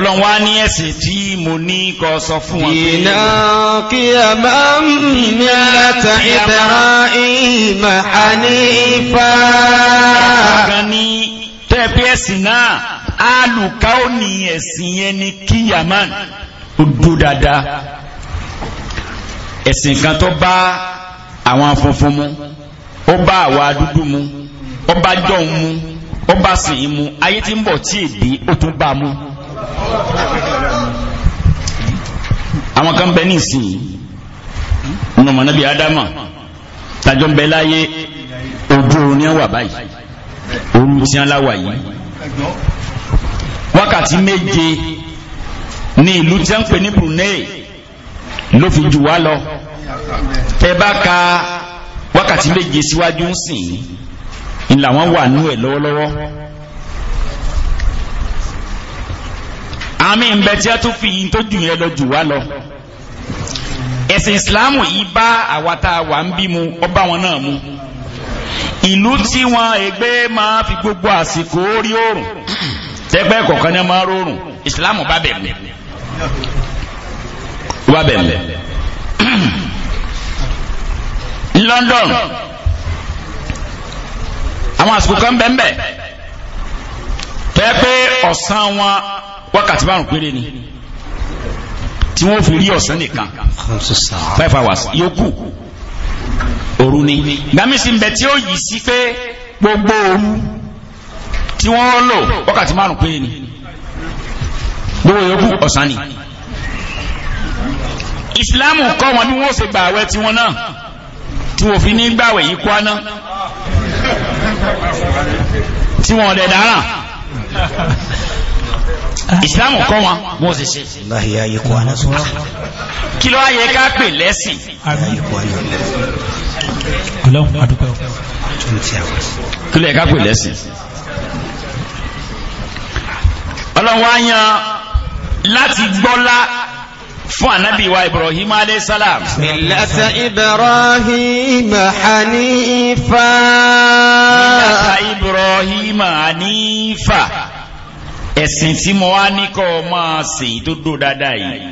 ọlọ́run wá ní ẹ̀sìn tí mo ní kọ sọ fún wọn pé iná kí a bá mi láta ìtara ìmọ̀ ànífà kan ní tẹ́ẹ̀pẹ́ ẹ̀sìn náà alùká
ò ní ẹ̀sìn yẹn ní kíyàmán
ó dó dáadáa
ẹ̀sìn kan tó bá àwọn funfun mu ó bá àwa dúdú mu ó bá jọ̀hún mu ó bá sìn mu ayé tí ń bọ̀ tí èdè ó tún bá mu àwọn kan bẹ nísìnyí nínú mọ̀nàbí ádámà tajọ́ ń bẹ láyé ojú orin wà báyìí oorun tí wọ́n láwà yìí wákàtí méje ní ìlú tí wọ́n pè ní Brunei ló fi jù wá lọ ẹ bá ka wákàtí méje síwájú ń sìn ní wà nú ẹ̀ lọ́wọ́lọ́wọ́. àmì ìbẹ̀ tí a tún fi yìí tó jù yẹn lọ jù wá lọ ẹ̀sìn ìsìláàmù yìí bá àwàtà wà ń bí mu ọba wọn náà mu ìlú tí wọn ègbé máa fi gbogbo àsìkò orí oòrùn tẹ́gbẹ́ kọ̀ọ̀kan ní máa rọrùn ìsìláàmù bá bẹ̀ mẹ́ wá bẹ̀ mẹ́ London àwọn àsìkò kan bẹ́ẹ̀ bẹ́ẹ̀ tẹ́ pé ọ̀sán wọn wákàtí márùn péré ni tí wọ́n fi rí ọ̀sán nìkan five hours yókù òru ni gbàmísìn bẹ tí ó yìí sí pé gbogbo òru tí wọ́n lò wákàtí márùn péré ni gbogbo yókù ọ̀sán ni ìsìláàmù kọ́ wọn bí wọ́n ṣe gbà àwẹ̀ tiwọn náà tí wọ́n fi ní gbàwẹ̀ yìí kwana tí wọ́n lẹ̀ dáràn ìsìlámù kọ́ wọn wọ́n sì ṣe kí ló ayé ká pè lẹ́sìn kí ló ayé ká pè lẹ́sìn ọlọ́wọ́ á yan láti gbọ́lá fún ànábì wa ibrahim aleyhisselam
millata
ibrahim hanifa millata ibrahim hanifa ẹ̀sìn tí mo wá ní kọ́ máa sìn tó dó dáadáa yìí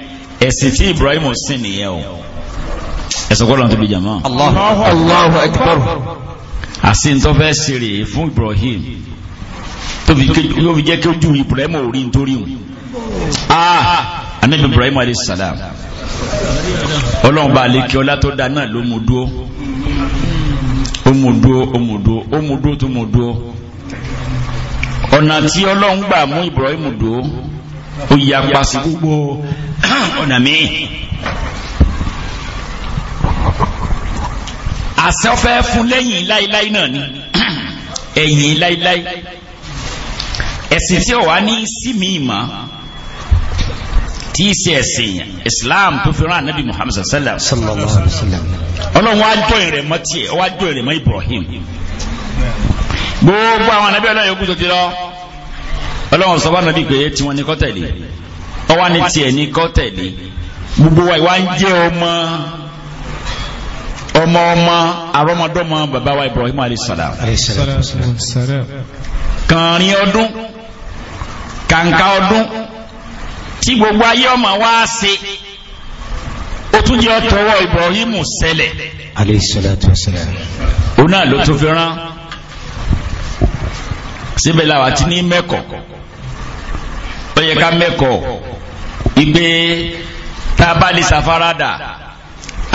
ẹ̀sìn tí ibrahim sìn nìyẹn o ẹ̀sìn kọ́ lọ́n tó bí jàmọ́ Allahu Allahu akbar àti tó fẹ́ fún ibrahim tó jẹ́ kí ojú ibrahim ò rí nítorí o anabi ibrahim alayhi salam ọlọ́run bá lè kí ọlá tó da náà ló mú dúó ó mú dúó ó mú dúó ó mú dúó tó mú dúó ọ̀nà tí ọlọ́run gbà mú ibrahim dúó ó yà pàṣẹ gbogbo ọ̀nà míì àṣẹ ọ̀fẹ́ fún lẹ́yìn láíláí náà ni ẹ̀yìn láíláí ẹ̀sìn tí ó ní sí mi ìmọ̀ tí í ṣe ẹ̀sìn islam tó fi rán anabi muhammad sallallahu alaihi wa sallam ọlọ́run wá jọ ìrẹ̀ mọ́ tiẹ̀ wá jọ ìrẹ̀ mọ́ ibrahim gbogbo àwọn anabi ọlọ́run yòókù tó ti lọ ọlọ́run sọ bá nàbí pé tí wọ́n ní kọ́ tẹ̀lé ọwọ́ ni tiẹ̀ ní kọ́ tẹ̀lé gbogbo wa ìwà ń jẹ́ ọmọ ọmọ ọmọ àrọmọdọ́mọ bàbá wa ibrahim alayhi salam
kàrin ọdún
kàǹkà ọdún tí gbogbo ayé ọmọ wá ṣe ó tún jẹ́ ọ̀tọ̀wọ́ Ibrahimu sẹlẹ̀
alayhi salatu wassalam òun náà ló tún
fi rán síbẹ̀ làwọn ti ní mẹ́kọ̀ọ́ ó yẹ ká mẹ́kọ̀ọ́ ìgbé tá a bá lè ṣàfaradà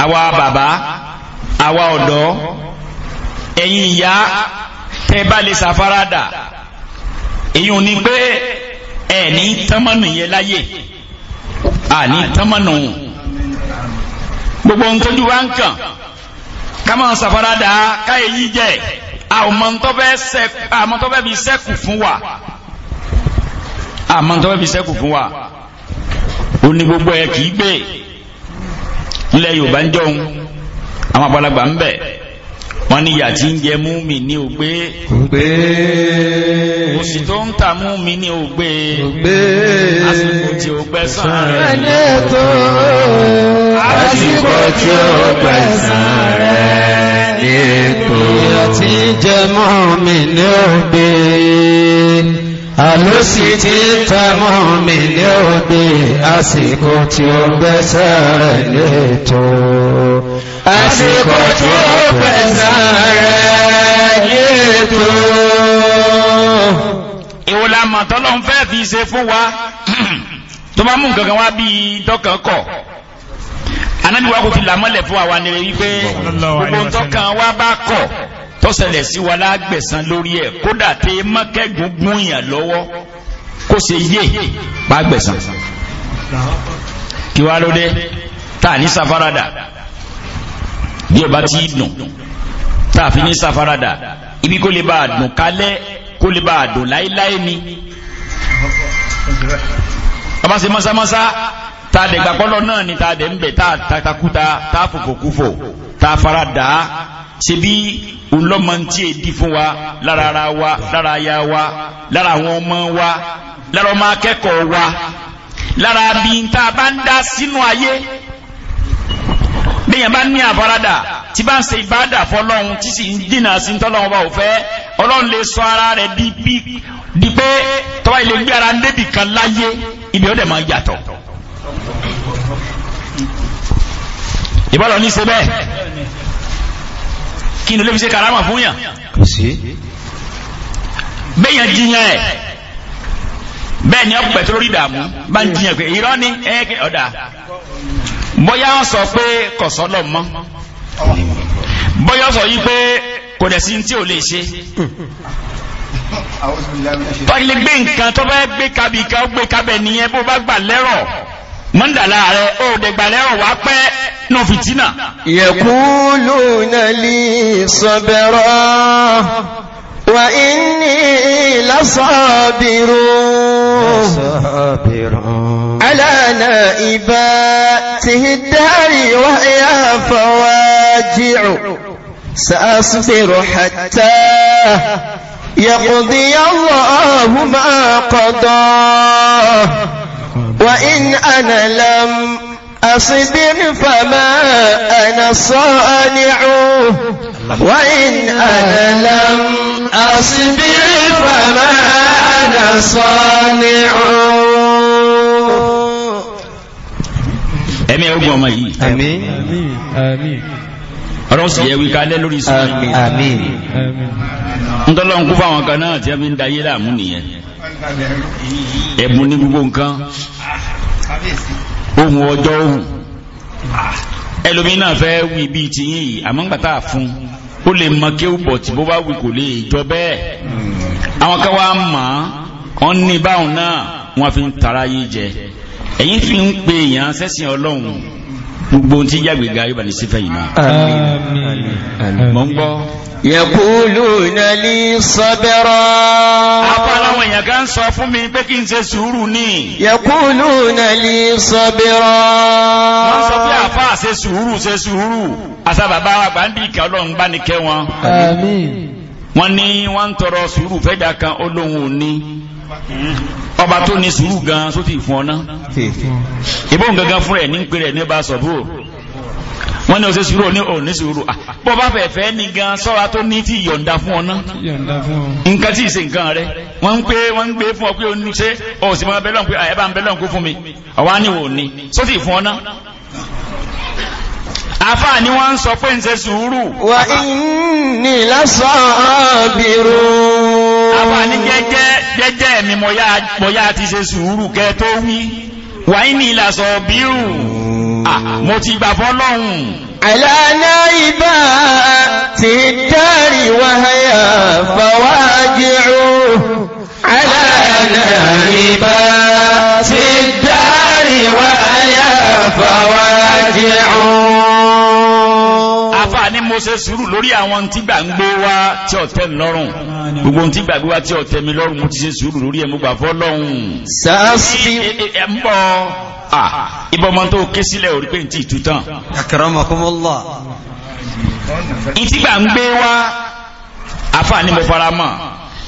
àwa bàbá àwa ọ̀dọ́ ẹ̀yin ìyá tẹ́ bá lè ṣàfaradà èyí ò ní pé ẹ̀ ní tánmọ́nù yẹn láyè à ní tánmọ́nù gbogbo ntójú wa ń kàn ká máa sàfaradà káyé yí jẹ àmọ́tọ́fẹ́ bí sẹ́kù fún wa àmọ́tọ́fẹ́ bí sẹ́kù fún wa ó ní gbogbo ẹ̀ kìí gbé ilẹ̀ Yorùbá ń jọun àwọn àgbàlagbà ń bẹ wọ́n ní ìyà tí ń jẹ múmi ní ògbé òsì tó ń ta múmi ní ògbé
àsìkò tí ó gbẹ́ sàn rẹ̀ ní ètò àsìkò tí ó gbẹ́ sàn rẹ̀ ní ètò tí ń jẹ múmi ní ògbé àlọ́sì tí ń ta múmi ní ògbé àsìkò tí ó gbẹ́ sàn rẹ̀ ní àsìkò tí ó
ṣe fún wa tó máa mú nǹkan kan wá bíi tọkàn kọ anábì wa kò fi làmọ́lẹ̀ fún àwa nílẹ̀ wípé gbogbo tọkàn wa bá kọ̀ tó ṣẹlẹ̀ sí wa lágbẹ̀san lórí ẹ̀ kódà tẹ mọ́kẹ́gùn gún yàn lọ́wọ́ kó ṣe yé bá gbẹ̀san kí wá ló dé tá a ní safarada bí ọba ti dùn tá a fi ní safarada ibi kó lè bá a dùn kálẹ̀ kó lè bá a dùn láéláé ni bàbá ṣe mọ́sámọ́sá
tá a dẹ̀ gbàgbọ́lọ̀
náà ni tá a dẹ̀ ń bẹ̀ tá a takúta tá a fòkòkúfò tá a fara dà á ṣe bí olómọ̀ntì èdí fún wa lára ara wa lára aya wa lára àwọn ọmọ wa lára ọmọ akẹ́kọ̀ọ́ wa lára bí n tá a bá ń dá sínú ayé bẹ́yẹn bá ní àfaradà tí bá ń ṣe ìbádà fọlọ́run tí sì ń dínà sí tọ́lọ́run bá ò fẹ́ ọlọ́run lè sọ ara rẹ̀ di bí di pé tọ́wá ilé gbé ara débì kan láyé ibi ó dẹ̀ máa yàtọ̀ ìbọ́lọ̀ ní ṣe bẹ́ẹ̀ kí ni ló karama fún yàn bẹ́yàn jiyàn ẹ̀ bẹ́ẹ̀ ni ọ̀pẹ̀ tó lórí ìdààmú bá ń jiyàn pé irọ́ ni ẹ̀ẹ́kẹ́ ọ̀dà bóyá wọ́n sọ pé kọ̀sọ́ lọ mọ́ bóyá wọ́n sọ yí pé kò dẹ̀ sí tí ò lè ṣe
bá ilé gbé nǹkan tó bá
gbé kabi ká ó gbé kabẹ̀ nìyẹn bó bá gbà lẹ́rọ̀ mọ́ndàlá rẹ̀ ó dẹ̀ gbà lẹ́rọ̀ wá pẹ́ nù
fìtínà. yẹ̀kúlù náà lè sọ̀bẹ̀rọ̀ wà ní lásọ̀bìrún aláàna ìbá ti dárì wáyà fọwájíù sàásùbẹ̀rọ̀ hàtà يقضي الله ما قضاه وإن أنا لم أصبر فما أنا صانع وإن أنا لم أصبر فما أنا صانع
أمين أمين أمين ọ̀rọ̀ sì yẹ wíká lẹ́ lórí sọ́ọ̀mí ntọ́lọ́ ń fáwọn kan náà tí a fi ń da nìyẹn ohun ọjọ́ ohun ẹlòmínà fẹ́ wí bíi tiyín yìí àmọ́ gbàtà fún ó lè mọ kí ó bọ̀ tí bó bá wí kò lè jọ bẹ́ẹ̀ àwọn kan fi ń tara jẹ ẹ̀yìn fi gbogbo ohun tí jágbe ga yóò bá ní sífẹ́ yìí náà.
àmín. mọ̀ ń gbọ́. yaquluna li
sabra. abaláwọn èèyàn kan sọ fún mi pé kí n ṣe sùúrù ni. yaquluna li sabra. wọ́n sọ pé àfa ṣe sùúrù ṣe sùúrù. àṣà bàbá wa gbà ń bí ìkà ọlọ́run bá ní kẹ́ wọn. wọ́n ní wọ́n ń tọrọ sùúrù fẹ́jà kan olóhùn ò ní ọba tó ní sùúrù gan só ti fún ọ̀nà ìbò gangan fún rẹ̀ ní ń pè rẹ̀ ní bá sọ̀búrò wọ́n ní ọ̀sẹ̀ sùúrù ní òní sùúrù ah, bọ́ bá fẹ̀fẹ́ ní gan sọ́ra tó ní ti yọ̀ǹda fún ọ̀nà nǹkan tí ìse nǹkan rẹ̀ wọ́n ń pé wọ́n ń gbé fún ọ pé ó ní ṣe ọ̀sìn máa bẹ́lọ̀ pé àyẹ́bà ah, ń bẹ́lọ̀ kó fún mi ọ̀wá ní òní só ti fún ọ̀nà àfà ni wọ́n ń sọ pé ń ṣe sùúrù. wà ní lásán bírò àbá ní jẹ́jẹ́ jẹ́jẹ́ mi mọ̀yá ti ṣe sùúrù kẹ tó wí wàí ní ìlàsọ̀ bírù mo ti gbà fọ́lọ́hun
àìlànà ìbá ti dárì wáyà fàwájírò àìlànà ìbá ti dárì wáyà fàwájírò ní mo ṣe sùúrù lórí àwọn tí gbàgbé
wá tí ọ̀tẹ́ mi lọ́rùn gbogbo tí gbàgbé wá tí ọ̀tẹ́ mi lọ́rùn mo ti ṣe sùúrù lórí ẹ̀ mo gbà fọ́ lọ́hùn. sàásì ẹ̀ ń bọ̀ ibọ̀ mọ́ tó ké sílẹ̀ orí pé n ti ìtú tán. akramakumullah. ìtí gbàgbé wá àfa mo fara mọ́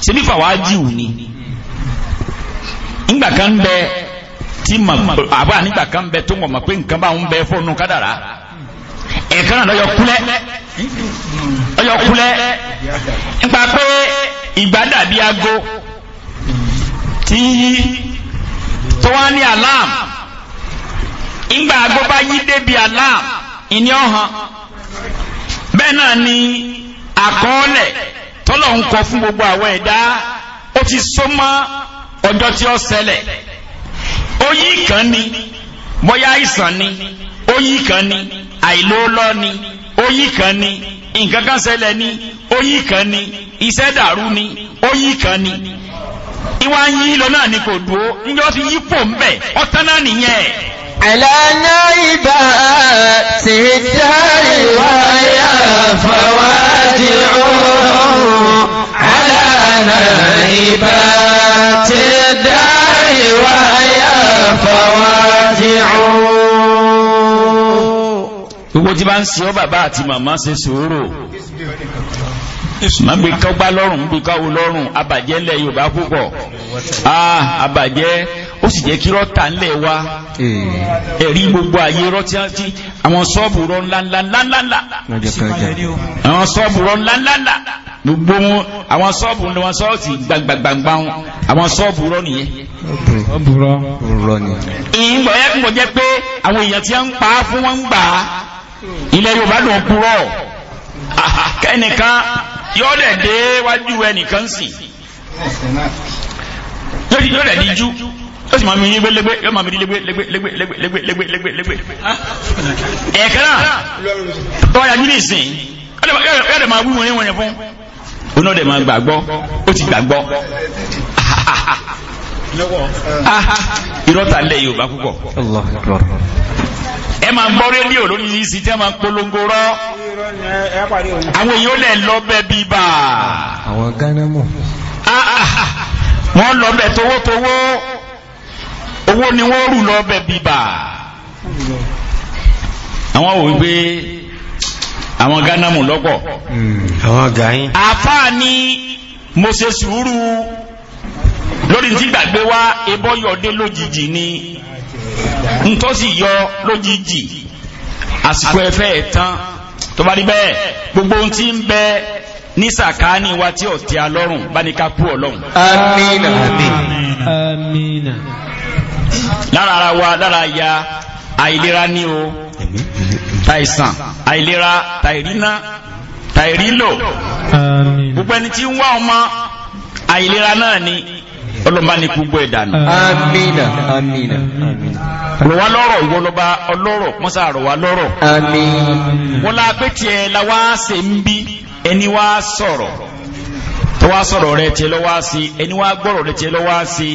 ṣe bí fàwájì ò ní ngbà kan bẹ tí àbá nígbà kan bẹ tó mọ̀ mọ̀ pé nǹkan bá ń bẹ fọ́nù kádàrá. ẹ̀kan náà lọ́yọkúlẹ̀ lọ́yọkúlẹ̀ nípa pé ìgbà dàbí ago tí tó wá ní alam ìgbà ago bá yí débi alam ìní ọ̀hán bẹ́ẹ̀ náà ni àkọọ́lẹ̀ tọ́lọ̀ ń kọ fún gbogbo àwọn ẹ̀dá ó ti so mọ́ ọjọ́ tí ó sẹlẹ̀ ó yí kan ni bóyá àìsàn ni ó yí kan ni àìlóòlọ́ ni oyin kan ni nǹkan kan ṣẹlẹ̀ ni oyin kan ni iṣẹ́ dàrú ni oyin kan ni ìwà ń yí lọ náà ni kò dúró níjọ́ ti yí
pò ń bẹ̀ ọ̀tán náà nìyẹn. àlànà ìbá ti dárí wáyà fọwádìí ọ̀hún
àlànà ìbá
ti dárí wáyà fọwádìí.
gbogbo tí bá ń sí ọ bàbá àti màmá ṣe sòrò má gbé kọ́gbá lọ́rùn gbé káwó lọ́rùn abàjẹ́ ńlẹ̀ Yorùbá púpọ̀ ah abàjẹ́ ó sì jẹ́ kí rọ́ta ńlẹ̀ wa ẹ̀rí gbogbo ayé rọ́tí àti àwọn sọ́ọ̀bù rọ ńláńláńláńlá àwọn sọ́ọ̀bù rọ ńláńláńlá gbogbo wọn àwọn sọ́ọ̀bù ní wọn sọ́ọ̀tì gbàgbàgbàgbà wọn àwọn sọ́ọ̀bù rọ nìyẹn. ìgbọ̀yẹ́ kò jẹ́ pé àwọn èèyàn ti ń pa fún wọn gbà á ilẹ̀ yorùbá dùn kúrọ̀ ẹnìkan yóò dẹ̀ dé wájú ẹnìkan sì yóò dẹ̀ díjú ó sì máa mi yín gbélégbé yóò máa mi di légbélégbélégbélégbélégbélégbé ẹ̀ẹ̀kan náà tọ́wọ́ yanjú ní ìsìn yóò dẹ̀ máa wí wọ̀nyẹn wọ̀nyẹn fún oná dẹ̀ máa gbàgbọ́ ó ti gbàgbọ́ ìrọ́ta lẹ̀ Yorùbá púpọ̀ ẹ máa gbọ́ rédíò lórí yìí sí tẹ́ máa polongo rọ́ àwọn èèyàn lẹ̀ lọ́bẹ̀ bíbà
àwọn gánámù wọ́n lọ́bẹ̀ towótowó
owó ni wọ́n rù lọ́bẹ̀ bíbà àwọn wò wípé àwọn gánámù lọ́pọ̀ hmm, àwọn gàáyìn àfáà ni mo ṣe sùúrù lórí tí gbàgbé wá ebọ́ yọdé lójijì ni ntọ́sí yọ lójijì àsìkò ẹ̀fẹ́ ẹ̀ tán tó bá rí bẹ́ẹ̀ gbogbo ohun tí ń bẹ ní sàkáání wa tí ọ̀tí alọ́rùn bá ní ká kú ọlọ́run.
amina amina.
lára ara wa lára ya àìlera ní o tàìsàn àìlera tàìrínà tàìrílò gbogbo ẹni tí ń wá ọmọ àìlera náà ni ọlọ́ba ní
gbogbo ẹ̀dànù. amina amina amina.
rọ̀wá lọ́rọ̀ ìwọ lọ́ba ọlọ́rọ̀ mọ́sá rọ̀wá lọ́rọ̀. àmín. wọ́n la pé tiẹ̀ la wá ṣe ń bí ẹni wá sọ̀rọ̀ tó wá sọ̀rọ̀ rẹ̀ tiẹ̀ lọ́wọ́ á sí ẹni wá gbọ́rọ̀ rẹ̀ tiẹ̀ lọ́wọ́ sí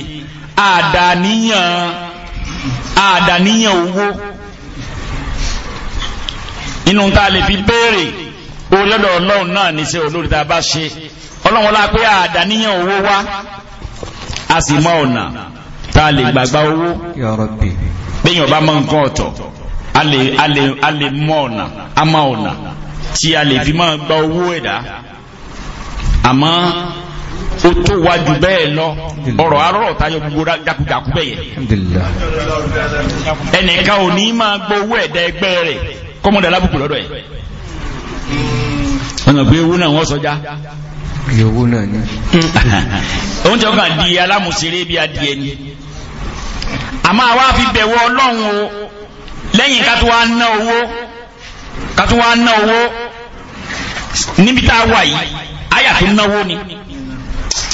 àdàníyàn àdàníyàn owó inú ta lè fi béèrè orí ọ̀dọ̀ ọlọ́run náà ní sẹ́ olórí tá bá ṣe ọlọ́run la pé àdáníyàn owó wá a sì mọ ọ̀nà tá a lè gbàgbá owó bẹ́yìn ọba mọ nǹkan ọ̀tọ̀ a lè mọ ọ̀nà a mọ ọ̀nà tí a lè fi máa gba owó ẹ̀dá àmọ́ ó tó wájú bẹ́ẹ̀ lọ ọ̀rọ̀ arọ́rọ̀ tayọ gbogbo jákujàku bẹ́ẹ̀ ẹnìkan ò ní máa gbọ́ owó ẹ̀dá ẹgbẹ́ rẹ̀ kọ́mọdé alábùkù lọ́dọ̀ ẹ̀ ọ̀nà pé owó náà wọ́n sọjá
yòówó náà ni.
oúnjẹ kan di alámùsèré bí adìẹ ni àmọ́ àwa fi bẹ̀wọ̀ ọlọ́run o lẹ́yìn ká tó wá ná ná owó níbi tá a wà yìí àyà tó náwó ni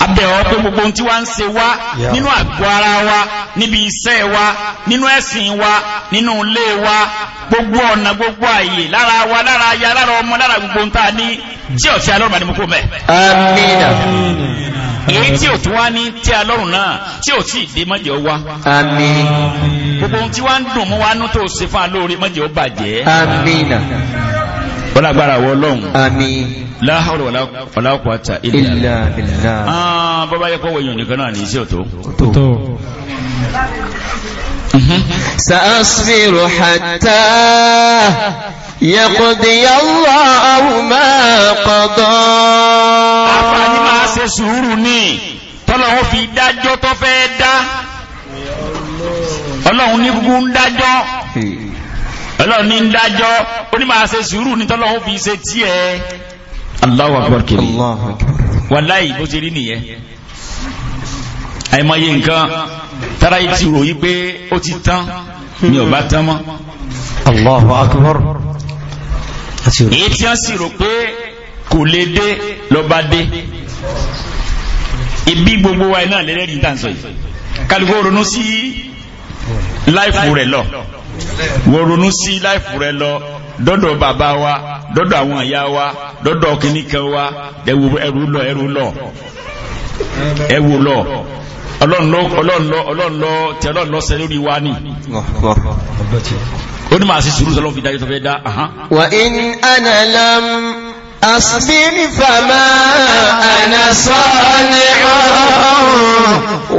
abẹ̀wọ̀ pé gbogbo tí wá ń ṣe wá nínú àgọ́ ara wa níbi iṣẹ́ wa nínú ẹ̀sìn wa nínú ilé wa gbogbo ọ̀nà gbogbo ààyè lára wa lára aya lára ọmọ lára gbogbo ń tà ní tí ọ̀tí alọ́run bá ní mọ́kó mẹ́.
amina.
èyí tí ò tún wá ní tí alọ́run náà tí ò tí ì dé mọ́jẹ́ ọ wá. àmín. gbogbo ohun tí wá ń dùn mú wa nú tó ṣe fún alóore mọ́jẹ́ ọ bàjẹ́. amina ọlágbára wọ lọ́hùn. àmín. láhàrù ọlákùnwàtà ilà ilà. bọ́bá yẹ kọ́wọ́ èèyàn nìkan náà ní iṣẹ́ ọ̀tọ̀.
ọ̀tọ̀.
سأصبر حتى يقضي الله ما قضى àfààní ọlọ́run ní
gbogbo ń dájọ́ ọlọ́run ní dájọ́ onímọ̀ àṣẹ sùúrù ní tọ́lọ́run fi ṣe tí ẹ
Allahu Akbar kiri wàláì
bó ṣe rí nìyẹn àìmọye nǹkan tára yìí ti ròyìn pé ó ti tán ni ò bá tán mọ́
Allahu Akbar
èyí tí wọ́n sì rò pé kò lè dé ló dé ibi gbogbo wa náà lẹ́rẹ́rìí tá yìí kálukú ronú sí láìfù rẹ̀ lọ wọ́n ronú sí láìfù rẹ lọ dọ́dọ̀ bàbá wa dọ́dọ̀ àwọn ìyá wa dọ́dọ̀ kìnníkan wa ẹrù lọ ẹrù lọ ẹwù lọ ọlọ́nlọ́ tí ọlọ́nlọ́ sẹ lórí wá ní ó ní máa sí sùúrù sọlọ́n fi dájú tó fẹ́ dá
wà in ana lam asbir fama ana sali'un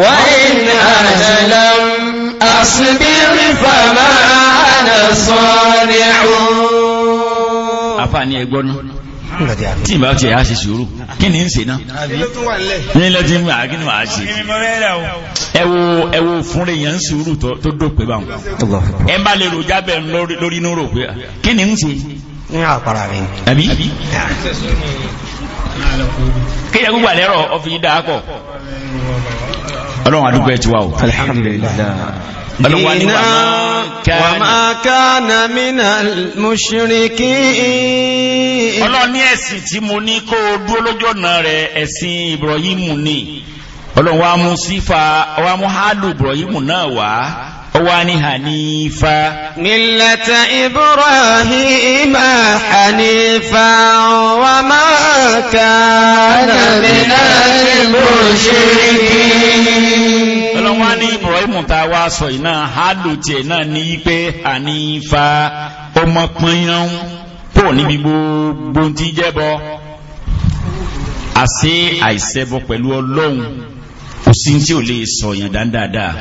wà in ana lam أصبر فما أنا صانع
àfààní ẹgbọ́nú tí ìbá ti ẹ̀yà ṣe ṣòro kí ni ń ṣe náà ní ilẹ̀ tí máa kí ni máa ṣe ẹwọ ẹwọ fúnra èèyàn ń ṣòro tó dópe bá wọn ẹ bá lè rò jábẹ̀ lórí inú rò pé kí ni ń ṣe ní àpàrà rẹ̀ àbí kí ẹ gbogbo
àlẹ́rọ̀ ọ̀fìn dáa pọ̀
ọlọ́run adúgbẹ́ ti wá o alhamdulillah
ọlọ́wà ní wà máa kánà mínà mùsùrìkì ọlọ́ni ẹ̀sìn tí mo ní kó
ọlọ́run wa mú sífà wa mú hálù Ibrahimu náà wá ọwá ní hanifa
millata ibrahima hanifa wa ma kana
minal mushrikin ọlọ́wọ́ ní ibrahima ta wá sọ iná hálò náà ní pé hanifa ọmọ pinyan pò níbi gbogbo tí jẹ́bọ àṣé àìṣẹbọ pẹ̀lú ọlọ́run kò sí tí ò lè sọ yàn dáadáa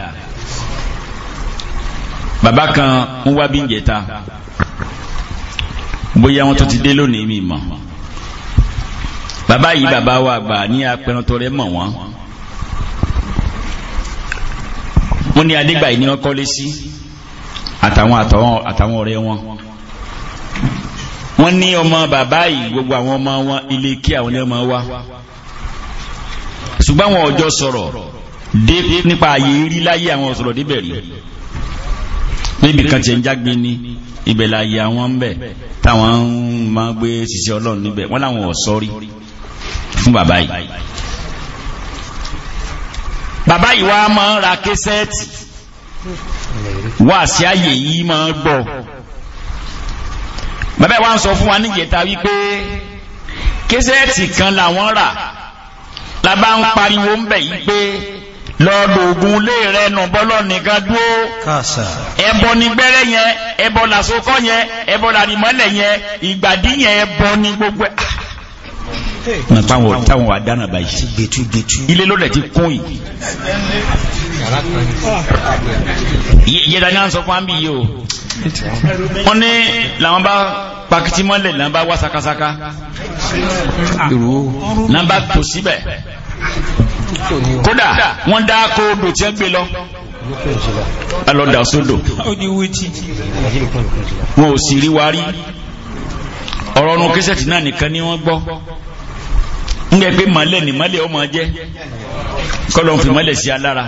Baba kan ń wá bí ń jẹta bóyá wọn tó ti dé lónìí mi mọ̀ bàbá yìí bàbá wa gbà ní apẹrantọ rẹ mọ̀ wọ́n wọ́n ní adégbà yìí ni wọ́n kọ́lé sí àtàwọn àtàwọn ọ̀rẹ́ wọn wọ́n ní ọmọ bàbá yìí gbogbo àwọn ọmọ wọn ilé kí àwọn ọmọ wa ṣùgbọ́n àwọn ọjọ́ sọ̀rọ̀ nípa ààyè rí láyé àwọn ọ̀sọ̀rọ̀ débẹ̀ rí níbi kan tiẹ̀ ń jágbe ni ibẹ̀ la yẹ àwọn ń bẹ̀ táwọn ń máa gbé ṣiṣẹ́ ọlọ́run níbẹ̀ wọ́n láwọn ò sọ́rí fún bàbá yìí bàbá yìí wá máa ń ra késẹ́ẹ̀tì wá sí àyè yìí máa ń gbọ́ bàbá yìí wá ń sọ fún wa níjẹta wípé késẹ́ẹ̀tì kan làwọn rà la ń pariwo ń bẹ̀ yìí pé lọ́ọ̀lù ogun lè rẹnu bọ́lọ̀ nìkan dúó ẹbọ ni gbẹ́rẹ́ yẹn ẹbọ làsókọ́ yẹn ẹbọ làrìmọ́lẹ̀ yẹn ìgbàdí ẹbọ ni gbogbo na táwọn táwọn àdánà báyìí gẹ̀tú gẹ̀tú ilé ló lẹ̀ ti kún yìí yẹ́dá ní à ń sọ fún àmì wọ́n ní làwọn bá pakitimọ́lẹ̀ làwọn bá wá sakasaka làwọn bá tò síbẹ̀ kódà wọ́n dá odò tí gbé lọ alọ́dà sódò wọn ò sì rí wa rí ọ̀rọ̀ náà nìkan ni wọ́n gbọ́ nígbà pé màálẹ̀ ní màálẹ̀ ọmọ jẹ́ kọ́lọ̀ fi màálẹ̀ sí alára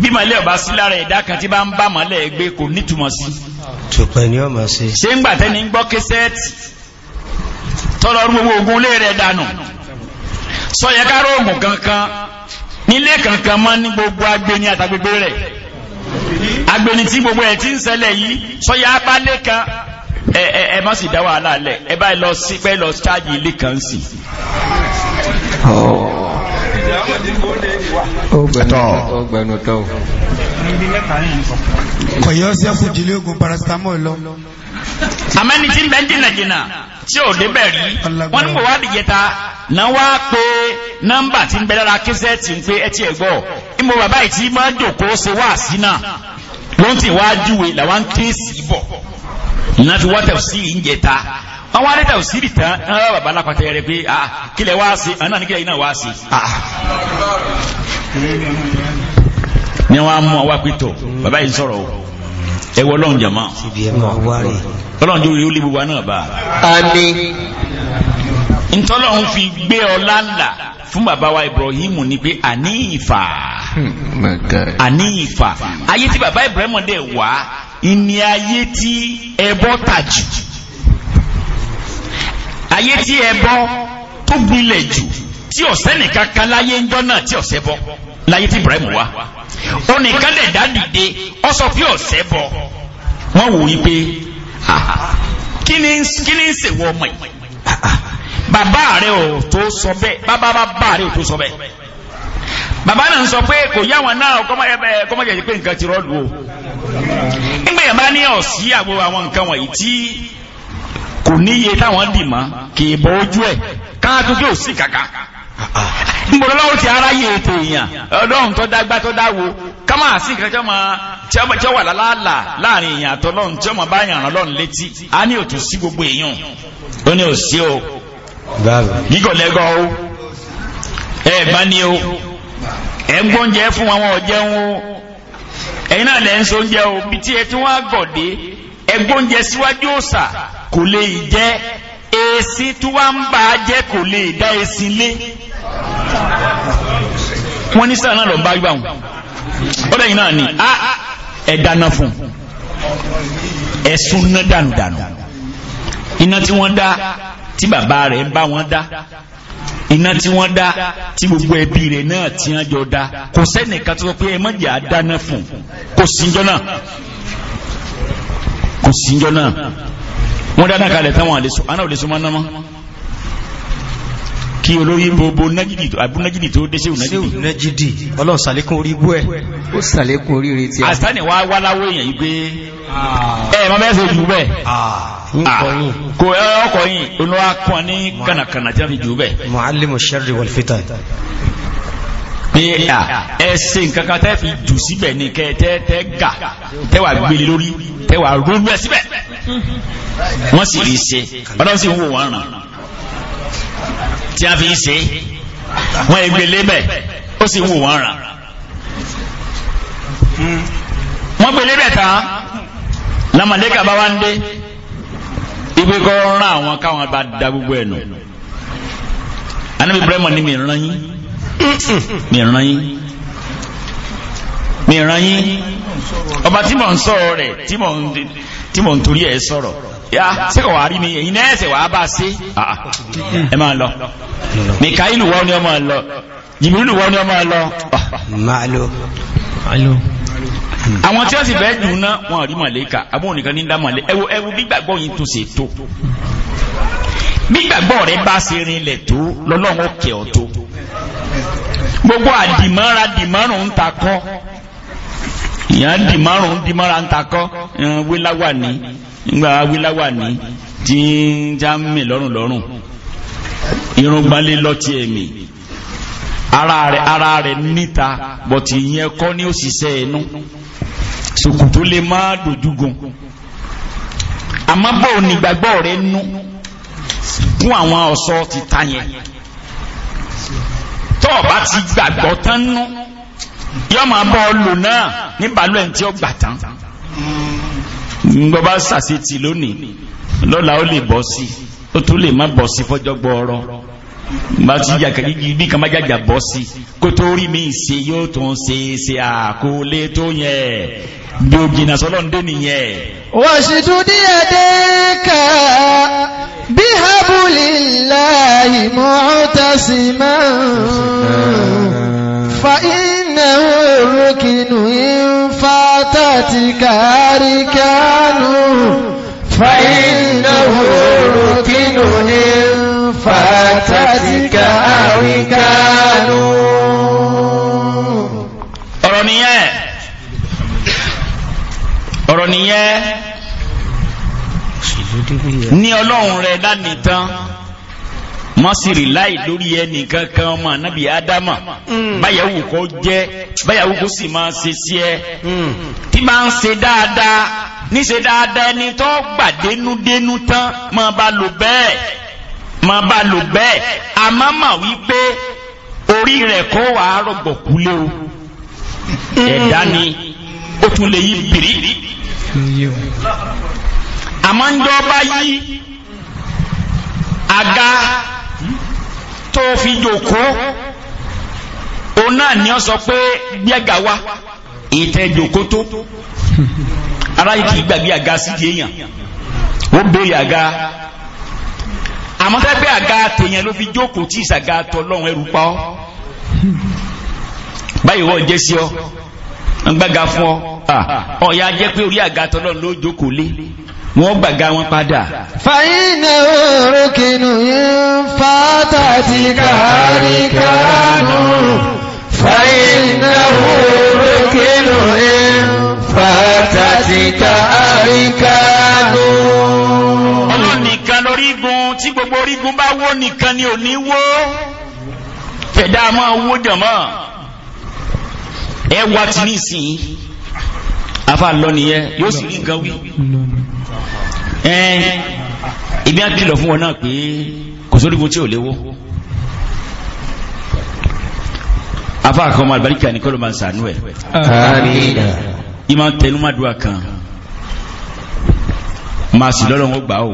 bí màálẹ̀ ọba sí lára ẹ̀dá kan tí bá ń bá màálẹ̀ ẹgbẹ́ kò ni ń sọyẹ káró oògùn kankan nílé kankan máa ní gbogbo agbeni àtàgbègbè rẹ̀ agbeni tí gbogbo ẹ̀ ti ń ṣẹlẹ̀ yìí sọyẹ abálé kan ẹ ẹ ẹ má sì dá wàhálà lẹ ẹ bá lọ sí pé lọ ṣáàjì ilé kan sí.
ọgbẹnutọ. kọ̀yọ́ sẹ́kù dílé ogun paracetamol lọ.
àmẹ́ni tí ń bẹ́ jìnnàjìnnà tí ò débẹ̀ rí wọ́n ní bòwá dìjẹta náà wá pé nọ́mbà tí ń bẹ lára kíṣẹ́ tí ń pé ẹtí ẹ̀ gbọ́ ìmọ̀ bàbá yìí tí máa jòkó ṣe wá sí náà ló ń tì wá júwe làwọn ń sí bọ̀ náà fi wá tẹ̀sí ìjẹta wọ́n wá rí tẹ̀sí rì tán ẹ̀ bàbá alápàtẹ rẹ pé ah, kílẹ̀ wá sí ní kílẹ̀ yìí náà wá sí ah. ni mú pé tó bàbá yìí sọ̀rọ̀ o. ẹ wọ ọlọ́run jàmá ọlọ́run jòrò yóò lé gbogbo náà bá. àmín. ntọ́lọ́run fi gbé ọlá ńlá fún bàbá wa Ibrahim ni pé àní ìfà hmm, àní ìfà ayé tí bàbá Ibrahim dẹ̀ wá ìní ayé tí ẹbọ tàjù ayé tí ẹbọ tó gbilẹ̀ jù tí ọ̀sẹ́ nìkan kan láyé ń jọ́ náà tí ọ̀sẹ́ bọ́. láyé tí Ibrahim wá ó nìkan lè dá pé ọ̀sẹ̀ bọ̀ wọ́n wò yí pé kí ni ń ọmọ yìí bàbá rẹ̀ ò tó sọ bẹ́ẹ̀ bàbá bàbá rẹ̀ ò tó sọ bẹ́ẹ̀ bàbá náà sọ pé kò yá wọn náà pé o nígbà yẹn bá ní ọ̀sí àgbo àwọn nǹkan wọ̀nyí tí kò níye táwọn dì mọ́ kì í nbọ̀rọ̀ ti ara yẹ ètò èèyàn ọlọ́run tó dágbá tó dáwo kámá sí ma tí wà láàlà láàrin èèyàn àtọ́lọ́run tí mọ̀ létí a ní gbogbo èèyàn ó ní òsí o gígọ̀ lẹ́gọ́ o ẹ bá ní o ẹ ń gbóúnjẹ fún o o bí tí ẹ ti gọ̀dé ẹ gbóúnjẹ síwájú èsì tó wá ń bá jẹ́ kò lè dá èsì lé wọ́n ní sáà náà lọ bá yíwá wọn ó lẹ́yìn náà ni a ẹ̀dáná fún ẹ̀sùn náà dànùdànù iná tí wọ́n dá tí bàbá rẹ̀ ń bá wọn dá iná tí wọ́n dá tí gbogbo ẹbí rẹ̀ náà tí wọ́n jọ dá kò sẹ́nìkan tó sọ pé ẹ má jẹ́ àdáná fún kò síjọ́ náà kò síjọ́ náà wọ́n dáadáa kalẹ̀ táwọn àná ò lè súnmọ́ náà mọ́ kí olórí gbogbo nájìdì tó abú nájìdì tó dé séhùn nájìdì séhùn nájìdì ọlọ́run sàlékún orí bú ẹ̀ ó
sàlékún orí rí tí a
sani wá wá láwọ́ èèyàn yìí pé ah. ẹ mọ bẹ́ẹ̀ sọ jù bẹ́ẹ̀ ah. Ah. kò ẹ ọkọ̀ yìí olúwa kan ní kànàkànà tí a fi jù bẹ́ẹ̀.
muallimu sharri wal fitan
pé ẹ̀sìn kankan tẹ́ fi jù síbẹ̀ ní kẹ́ẹ̀tẹ́ gà tẹ́wà gbélé lórí tẹ́wà rúrú ẹ̀ síbẹ̀ wọ́n sì rí ṣe ọlọ́run sì ń wò wọ́n ràn tí a fi ń ṣe wọ́n egbélé bẹ̀ ó sì wò wọ́n ràn wọ́n gbélé bẹ̀ tán lámàlẹ́kà bá wá ń dé ibi kọ́ rán àwọn káwọn bá da gbogbo ẹ̀ nù anábìbrẹ́mọ̀ ní mi rán yín mìíràn yín mìíràn yín ọba tí mò ń sọ̀rọ̀ rẹ̀ tí mò ń torí ẹ̀ sọ̀rọ̀ yá sẹ́kọ̀ wá rí mi èyí náà ẹ̀sẹ̀ wá bá sí ah, ẹ máa lọ mìkáìlù wọ́n ni ọmọ lọ jìbìrìlù wọ́n ni ọmọ lọ. àwọn tí wọ́n sì bẹ́ẹ̀ dùn náà wọ́n rí màlẹ́kà àbúrò nìkan ní dá màlẹ́ ẹwu ẹwu gbígbàgbọ́ yìí tó ṣe tó gbígbàgbọ́ rẹ bá ṣe rinlẹ̀ tó lọ́lọ́run ó kẹ́ ọ tó gbogbo àdìmọ́ra dìmọ́rùn ń takọ́ ìyàn dìmọ́rùn dìmọ́ra ń takọ́ wíláwà ní nígbà wíláwà ní tí ń já mì lọ́rùn lọ́rùn irun gbalẹ̀ lọ́tí ẹ̀mí ara rẹ̀ ara rẹ̀ níta bọ̀tì ìyẹn kọ́ ní òṣìṣẹ́ ẹnu sòkòtò lè má dojúgun àmọ́ bọ́ọ̀ nígbàgbọ́ rẹ̀ nú fún àwọn ọ̀ṣọ́ ti ta yẹn tọ́ bá ti gbàgbọ́ tán nú yọ́ máa bọ́ lò náà ní bàálù ẹ̀ tí ó gbà tán gbọ́bá sàṣe ti lónìí lọ́la ó lè bọ́ sí ó tún lè má bọ́ sí fọ́jọ́ gbọ́ọ̀rọ̀ bá ti jà kàjíjì bí kan bá jàjà bọ́ sí kó tó rí mi ṣe yóò tún ṣe ṣe àkólé tó yẹ bí o jìnà sọ́lọ́ ń dé nìyẹn.
wàṣìtú díẹ̀ dé ká bí habulillahi mu'tasiman fa innahu rukinu in fatati karikanu fa innahu rukinu in fatati
karikanu.
ọ̀rọ̀ nìyẹn
nìyẹn ní ọlọ́run rẹ̀ lánìtán mọ́sìrì láì lórí ẹnìkan kan ọmọ ànábì ádámà hmm. báyàwó kó jẹ́ báyàwó kó sì máa ṣe sí ẹ hmm. tí máa ń ṣe dáadáa níṣe dáadáa ẹni tó gbà dénúdénú tán máa bá lò bẹ́ẹ̀ máa bá lò bẹ́ẹ̀ àmọ́ mà wípé orí rẹ̀ kó wàá rọ̀gbọ̀kú lé o hmm. ẹ̀dá ni ó tún lè yí bìrì àmọ́ ń dọ́ba yí àga tó fi jòkó òun náà ni ó sọ pé gbẹ́gà wa ìtẹ́ jòkó tó ara yìí kì í gbàgbé àga sí di èèyàn ó béèrè àga àmọ́ tẹ́gbẹ́ àga ló fi jókòó tí ìsàga tọ́ ẹrù pa ọ́ báyìí wọ́n jẹ́ sí ọ gbàgà fún ọ ah. ọ̀yà jẹ́ pé orí àga tọ́lọ́ ló jókòó lé wọ́n gbàgà wọn padà.
fàyínà orókìnù yín fàtàtì kàríkàánù fàyínà orókìnù yín fàtàtì kàríkàánù. ọlọ́run nìkan lórígun tí gbogbo
orígun bá wó nìkan ni ò ní wó fẹ̀dá máa wó jọ̀mọ́ ẹ wá tí ní ìsìn afa lọ nìyẹn yóò sì rí nǹkan wí ẹ ibi á kìlọ̀ fún wọn náà pé kò sórígun tí ò léwó afa àkọ́mọ àlùbáríkà ní kọ́lọ́ máa ń sànú ẹ̀ ìmọ̀ tẹnumọ́dúnwà kan máa sì lọ́lọ́ wọn gbà ó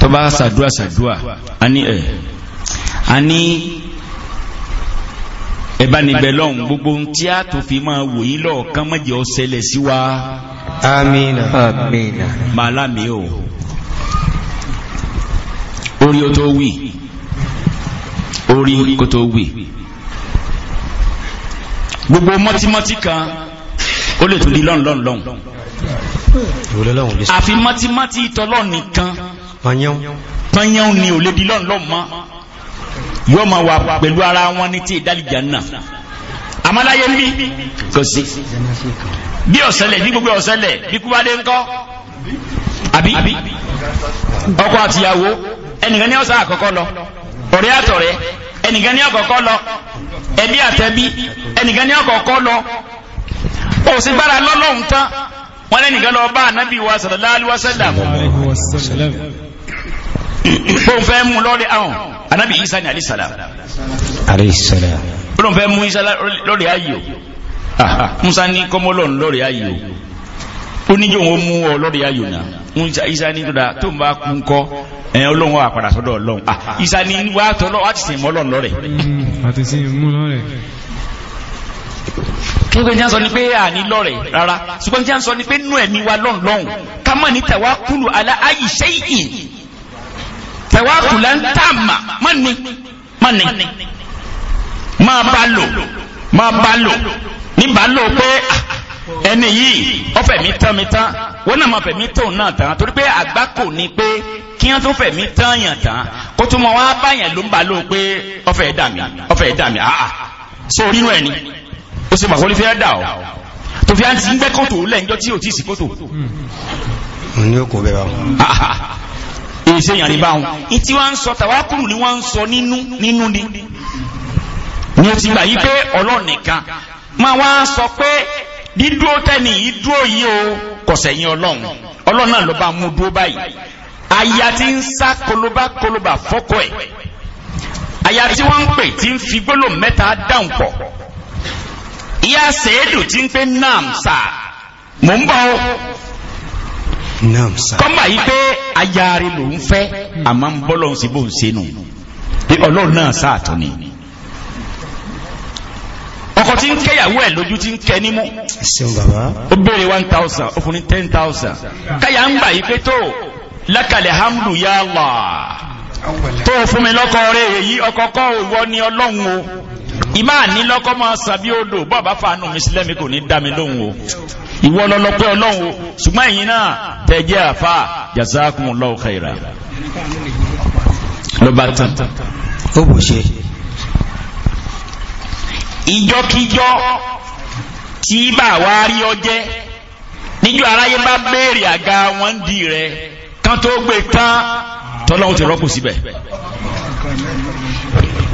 tọ́ba sàdúà sàdúà
a ní ẹ̀
a ní
ẹ̀bánigbẹ̀ lọ́hùn gbogbo tí a tó fi máa wò yí lọ kán mọ́jẹ́ ó ṣẹlẹ̀ sí wa
amina amina
malami o orí o tó wì orí kò tó wì gbogbo mọ́tímọ́tí kan ó lè tún di lọ́n lọ́n lọ́n àfi mọ́tímọ́tí tọ́lọ́ nìkan pàyán ni ò lè di lọ́n lọ́n mọ́ yóò máa wà pẹ̀lú ara wọn ní tí ìdálìjà náà àmàláyé ń bí kò sí bí ọ̀sẹ̀lẹ̀ bí gbogbo ọ̀sẹ̀lẹ̀ bí kúbádé ńkọ́ àbí ọkọ àtìyàwó ẹnìkan ní ọ̀sán àkọ́kọ́ lọ ọ̀rẹ́ àtọ̀rẹ́ ẹnìkan ní ọ̀kọ̀ọ̀kọ́ lọ ẹbí àtẹbí ẹnìkan ní ọ̀kọ̀ọ̀kọ́ lọ òsì gbára lọ́lọ́hun tán wọ́n lẹ́nìkan lọ bá ànábì wa sallallahu alaihi wasallam bóun fẹ́ mú lọ́rẹ̀ ahùn anábì isa ni alisala alisala bóun fẹ́ mú isa lọ́rẹ̀ ayò musa ní kọ́mọ́lọ́n lọ́rẹ̀ ayò ó níjó wọn mú ọ lọ́rẹ̀ ayò náà musa isa ní tó da tó ń bá kú kọ́ ẹ̀ ọlọ́run wà padà sọ́dọ̀ ọlọ́run isa ah, ní wà á tọ́lọ́ wà á ti sìn mọ́ ọlọ́run lọ́rẹ̀.
Hmm, àti sìn mú lọ́rẹ̀
nígbà tí a ń sọ ní pé à ní lọ́rẹ̀ rárá ṣùgbọ́n tí a ń sọ ní pé nú ẹ̀mí wa lọ́nlọ́hùn ká mọ̀ ní tẹ̀wá kúlù alá ayì tẹ̀wákùlẹ̀ ń tà mà mọ́ni mọ́ni máa bá lò máa bá lò ní bá lò pé ah, ẹni yìí ọfẹ mi tán mi tán wọn náà máa fẹ mi tóun náà tán torí pé àgbà kò ní pé kí wọn tún fẹ mi tán yàn tán kó tún mọ wá báyàn ló ń bá lò pé ọfẹ ẹ dà mí ọfẹ ẹ dà mí àà ah, ah. so orí rẹ ni ó sì màkúrú fi ẹ dà ọ tó fi à ń ti ń gbẹ kótó lẹ́yìn tó tí ò tí ì kótó.
n
yóò kó bẹ́ẹ̀ bá
wọn èsè yàrá ìbáwọn ìtí wọ́n sọ tàwákùrù ni wọ́n ń sọ nínú nínú ni ni o ti gbà yí pé ọlọ́run nìkan máa wá sọ pé dídúró tẹ́ni yìí dúró yìí o kọ̀sẹ̀ yín ọlọ́run ọlọ́run náà ló bá mú dúró báyìí aya ti ń sá kolobá kolobá fọ́kọ ẹ̀ aya tí wọ́n ń pè tí ń fi gbólò mẹ́ta dáhùn pọ̀ ìyá sèédù ti ń pè nam sáà mò ń bọ̀ o kọ́mbà yìí pé ayari ló ń fẹ́ àmọ́ ń bọ́ lọ́hùn sí bó ń senu bí ọlọ́run náà sáàtọ̀ ni ọkọ tí ń kẹyàwó ẹ lójú tí ń kẹ nímú ó béèrè one thousand ó fún ní ten thousand káyà ń gbà yìí pé tó lákàlẹ̀ hamdu ya Allah tó fún mi lọ́kọ rẹ̀ èyí ọkọ̀ kọ́ òwò ni ọlọ́run o ìmáà ní lọ́kọ́ máa sàbí odò bọ́ọ̀ bá fa àánú mi sílẹ̀ kò ní dá mi o ìwọ lọ́lọ́pẹ́ ọlọ́run ṣùgbọ́n ẹ̀yin náà tẹ̀jẹ́ àfà jazakumullahu khaira ló bá tán ó bò ṣe ìjọkíjọ́ tí bá wá rí ọjẹ́ níjọ́ aráyé bá béèrè àga wọn dì rẹ kán tó gbé tán tọ́lọ́run ti rọ́pò síbẹ̀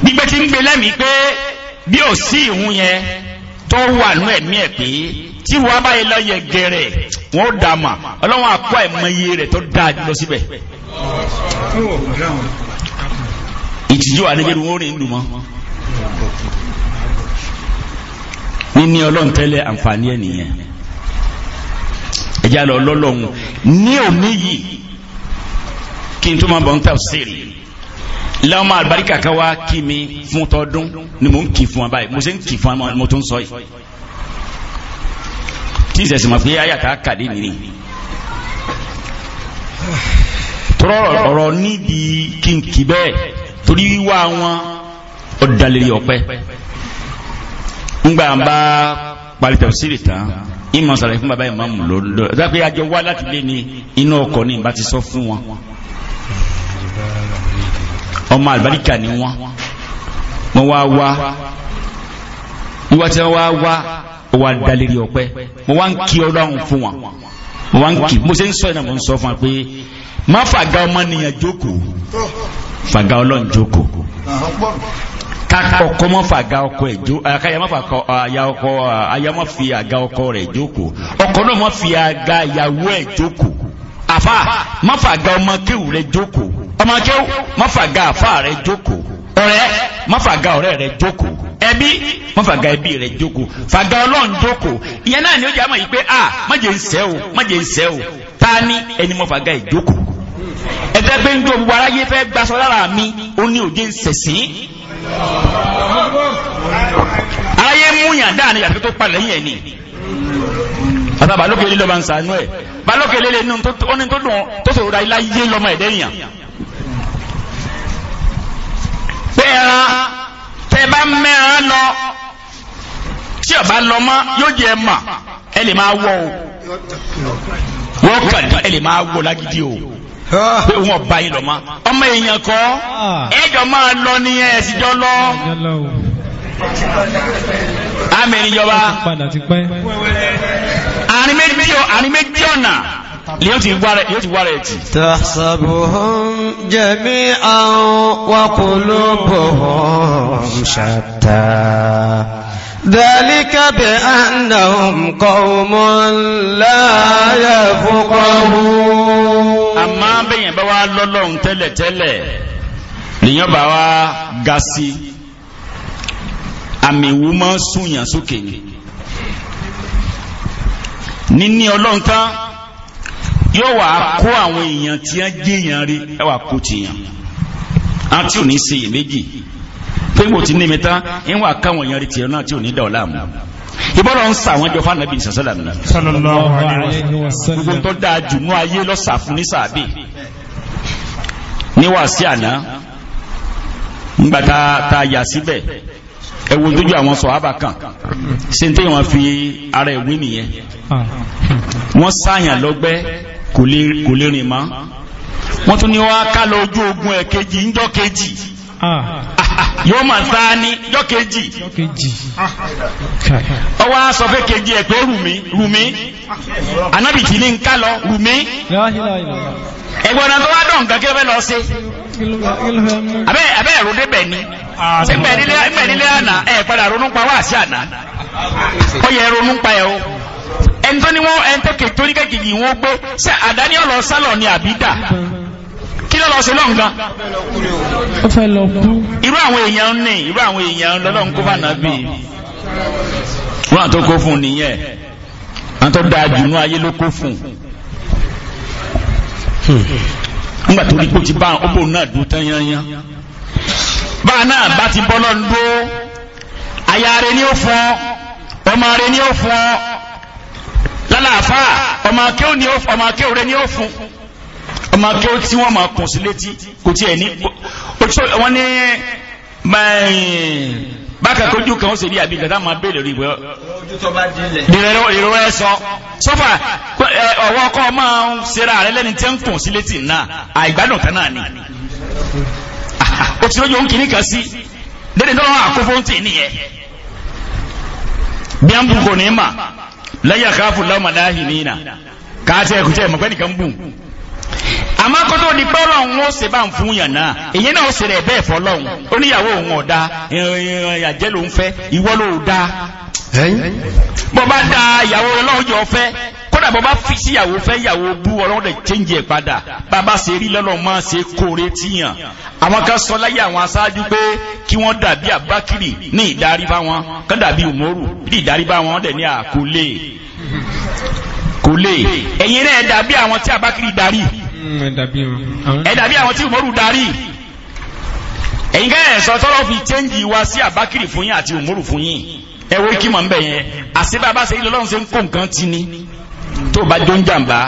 gbígbé tí ń gbé lẹ́mìí pé bí ò sí ìhun yẹn tó wà nú ẹ̀mí ẹ̀ pé tí wọ́n bá yẹ lọ yẹ gẹ̀rẹ̀ wọ́n ó dà mà ọlọ́wọ́n akọ́ ẹ̀mọye rẹ̀ tó dáa jùlọ síbẹ̀. ìtìjú àdébẹ̀rù wọn ò rìn lù mọ́. níní ọlọ́run tẹ́lẹ̀ àǹfààní ẹ̀ ẹ̀já lọ lọ́lọ́run ní òní yìí kí n tó máa bọ̀ ń tà sí rí lọ́mọ àlùbáríkà kan wá kí mi fún tọdún ni mò ń kì fún wa báyìí mo ṣe ń kì fún wa mo tún sọ yìí tí ìṣẹ̀sìn mọ̀ pé ayàtà kàdé nìyí tọrọ ọ̀rọ̀ níbi kínkì bẹ́ẹ̀ torí wíwá wọn ọ̀dàlérí ọ̀pẹ ńgbà ń bá parí tán ìmọ̀ sàlàyé fún bàbá ìmọ̀ mú lọ́dọ̀ ọmọ àlùbáríkà ni wọ́n wọ́n wá wá wíwá tí wọ́n wá wá
ó wá dalérí
ọpẹ́ mo wá ń kí ọlọ́run fún wọn mo wá ń kí mo ṣe ń sọ ìdààmú sọ fún wa pé má fàgá ọmọnìyàn jókòó fàgá ọlọ́run jókòó kakọkọ ma fa aga ọkọ ẹ jo akaya ma fa aya ọkọ aya ma fi aga ọkọ rẹ̀ jókòó ọkọ náà ma fi aga ìyàwó ẹ jókòó àfa ma fa ọmọ kéwù rẹ̀ jókòó ọmọ akéwù mọ́fàgà àfà rẹ̀ jókòó ọ̀rẹ́ mọ́fàgà ọ̀rẹ́ rẹ̀ jókòó ẹbí mọ́fàgà ẹbí rẹ̀ jókòó fàgà ọlọ́run jókòó ìyẹn náà ni ó jẹ́ àmọ́ yìí pé a májè ń sẹ́ o májè ń sẹ́ o ta ni ẹni mọ́fàgà ìjókòó ẹ̀dẹ́ pé ń dúró gbogbo aráyé fẹ́ gbaṣọ lára mi ó ní òjé ń sẹ̀sìn aráyé mú yàn dáa ni yàtọ̀ tó palẹ̀ yẹn ni bàbá balókè lílọ́ bá ń sànú ẹ̀ balókè lélẹ̀ ní tó dùn tó sòrò ra ilá yé lọ́mọ ẹ̀dẹ́ yàn pẹ́ẹ̀rán tẹ́ bá mẹ́ran lọ tí ọba lọ mọ́ yóò jẹ́ mà ẹ lè máa wọ o wọ́n kàn ẹ lè máa wọ lágídí o pé wọ́n bá yín lọ mọ́ ọmọ èèyàn kọ́ ẹjọ́ máa lọ ní ẹ̀sìjọ́ lọ àmì ìjọba àrin méjì ọ̀nà
yóò ti wá rẹ̀ tì. tasabuhum jami'an wa qulubuhum shatta ذلك بأنهم قوم لا يفقهون
àmọ́ bẹ́yẹn bá wá lọ́lọ́run tẹ́lẹ̀tẹ́lẹ̀ lèyàn bá wá ga sí àmì ìwú máa ń súnyàn sókè ni níní ọlọ́run tán yóò wà kó àwọn èèyàn tí wọ́n jẹ́ èèyàn rí ẹ wà kó tìyàn àti òní ṣe iyèméjì pé mo ti ní mi tán ń wà káwọn èèyàn rí tìyàn náà tí ò ní dà ọ́ láàmú ìbọ́lọ̀ ń sa àwọn ẹjọ́ fánàbí ìsànsẹ́lẹ̀mù gbogbo tó dáa jù ní ayé lọ́sà fún ní sàábì níwà sí àná ńgbà yà síbẹ̀ ẹwọ tójú àwọn sọ̀hábà kan ṣe ń tẹ́ wọn fi ara ìwé nìyẹn ah. wọ́n sáyàn lọ́gbẹ́ kò lè rìn mọ́ wọ́n tún ní wá ká lọ ojú ogun ẹ̀ kejì ńjọ́ kejì ah. yóò máa sáá ní jọ́ kejì ọwọ́ aṣọ fẹ́ kejì ẹ̀ pé rùmí rùmí anábì tí ní ń ká lọ rùmí ẹgbọ́n náà tó wá dán nǹkan kí ló fẹ́ lọ sí abẹ́ ẹ̀rọ débẹ̀ ni
ẹgbẹ̀ nílé àná
ẹ̀ padà ronú wá sí àná ó yẹ ẹ̀ o ẹni tó ní wọ́n ẹni tẹ́kẹ̀ tó ní kẹ́kìlì wọ́n gbé ṣe àdáni ọ̀lọ́ sálọ̀ ni àbídà kí lọ́lọ́ ṣe lọ́ngan irú àwọn èèyàn ní irú àwọn èèyàn lọ́lọ́n kó bá nàbí wọ́n àtó kó fún nìyẹn àtó dáa jù nú ayé ló kó fún nígbà tó rí pé ti bá ọbọ náà dùn tán yányán bá náà bá ti bọ́ lọ́ndó ayá rẹ ni ó fún ọmọ rẹ ni ó fún ọ lálàáfà ọmọ akéwò ni ó ọmọ akéwò ni ó fún ọmọ akéwò tí wọ́n máa kùn sí létí kò tiẹ̀ ní ojú wọn ní bákan kojú kan ó sì rí àbí gàdá máa béèrè rí ìwé ìrọ̀rọ̀ ẹ sọ sọ́fà ọ̀wọ́ ọkọ̀ máa ń sera rẹ lẹ́ni tí ń kùn sí létí náà àìgbádùn kan náà ni ó ti lójú òun kìíní kan sí dédé náà àkófó ń tì nìyẹn bí a ń bù kò ní mà lẹ́yìn àkáàfù lọ́mọ láàhì nínà káàtì ẹ̀kú tẹ́ ẹ̀mọ̀pẹ́ nìkan bù àmọ́ kótó di pé ọlọ́run ó ṣe bá ń fún yàn náà èyí náà ó bẹ́ẹ̀ fọlọ́run ó níyàwó òun ọ̀dà ìrìn àjẹ́ ló ń fẹ́ ìwọ ló dá bọ́ bá da ìyàwó ọlọ́run jọ fẹ́ kódà bọ́ bá fi sí ìyàwó fẹ́ ìyàwó bú ọlọ́run dẹ̀ change ẹ̀ padà bàbá ṣe rí lọ́lọ́ máa ṣe kóore tíyàn àwọn kan sọ láyé àwọn aṣáájú pé kí wọ́n dàbí àbákìrì ní ìdarí bá wọn kán dàbí òmòrù ní ìdarí bá wọn dẹ̀ ní àkólé kólé ẹ̀yin náà ẹ̀ dàbí àwọn tí àbákìrì darí
mm,
ẹ̀ àwọn tí òmòrù darí ẹ̀yin ká ẹ̀ tọ́lọ́ fi change wa sí àbákìrì fún yín àti òmòrù fún yín ẹwọ́ kí mọ̀ ń bẹ̀ yẹn àṣìbá ṣe ilé ọlọ́run ṣe ń kó nǹkan ti ni tó bá jó ń jàǹbá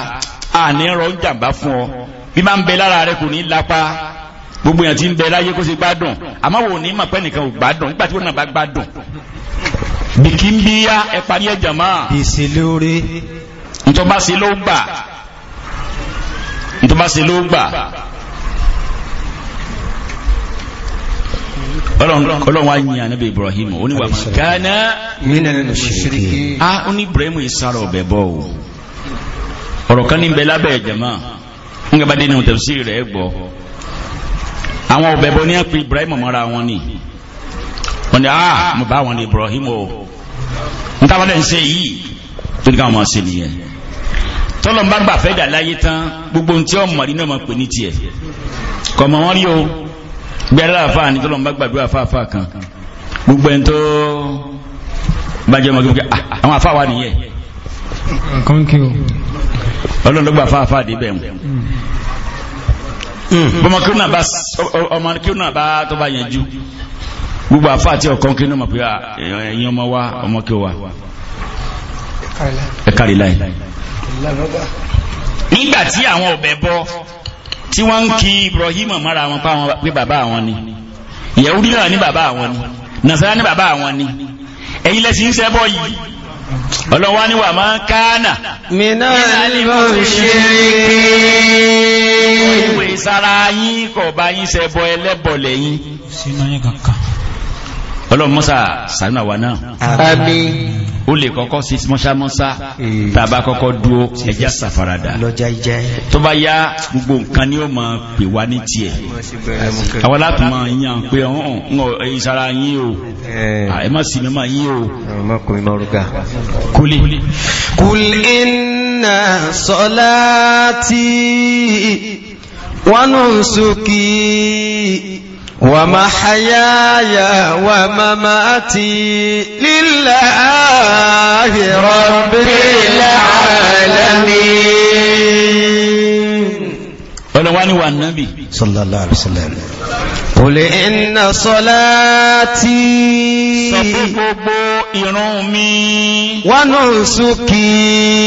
àní rọ ń jàǹbá fún ọ bí máa ń bẹ lára rẹ kò ní lápá gbogbo yẹn ti ń bẹ láyé kó ṣe gbádùn àmọ́ wò ní màpẹ́ nìkan ò gbádùn nígbà tí wọ́n náà bá gbádùn bìkí ń bí yá ẹ parí ẹ jàmá.
èsì lóore.
ntọ́ba sí ló gbà ntọ́ba sí ló gbà.
ọlọ́run
wá yìn ànábì Ibrahim oníwà gánà a oní Ibrahim ìsára ọ̀bẹ̀ bọ́ o ọ̀rọ̀ kan ní bẹ́lá bẹ́ẹ̀ jẹ̀mọ́ nígbàbá dé nínú rẹ̀ gbọ́ àwọn ọ̀bẹ̀ bọ́ ní àpè Ibrahim mọ́ra wọn ni wọ́n ni a mo bá wọn ní Ibrahim o n táwọn lẹ́yìn ṣe yìí tó ní káwọn máa ṣe nìyẹn tọ́lọ́mbà gbà fẹ́ dà láyé tán gbogbo ohun tí ọmọ rí gbẹ́rẹ́ àfà ní tọ́lọ́mù bá gbàdúrà fáfà kan gbogbo ẹni tó bàjẹ́ ọmọ gbogbo ah, ah, àwọn àfà wà nìyẹn ọlọ́run ló gbà fáfà dé bẹ́ẹ̀ hmm. bọ́mọ kí ó náà bá tó bá yẹn jú gbogbo àfà àti ọ̀kan kí ó náà mọ̀ pé ah, ẹ̀yin ọmọ wa ọmọ àwọn ọ̀bẹ bọ́ tí wọ́n ń kí Ibrahim Mara wọn pa wọn pé bàbá àwọn ni Yahudi náà ní bàbá àwọn ni Nasara ní bàbá àwọn ni ẹ̀yin lẹ́sìn ń sẹ́bọ̀ yìí ọlọ́wọ́ ni wà máa kánà mìíràn alìmọ̀ ṣeré ìwé sára yín kọ̀ bá yín sẹ́bọ̀ ẹlẹ́bọ̀ ó lè kọ́kọ́ sí mọ́ṣámọ́ṣá hmm. tàbá kọ́kọ́ dúó ẹjá sàfaradà tó bá yá gbogbo nǹkan ni ó ma pè wá ní tiẹ̀ àwọn láti mọ̀ yàn pé ọ̀hún ìsara yín o eh. ẹ má sì mẹ́mà yín o kúlì
kúlì inna salati wa nusuki ومحياي ومماتي لله رب العالمين ولواني والنبي صلى الله عليه وسلم قل إن صلاتي صفوفو يرومي
ونسكي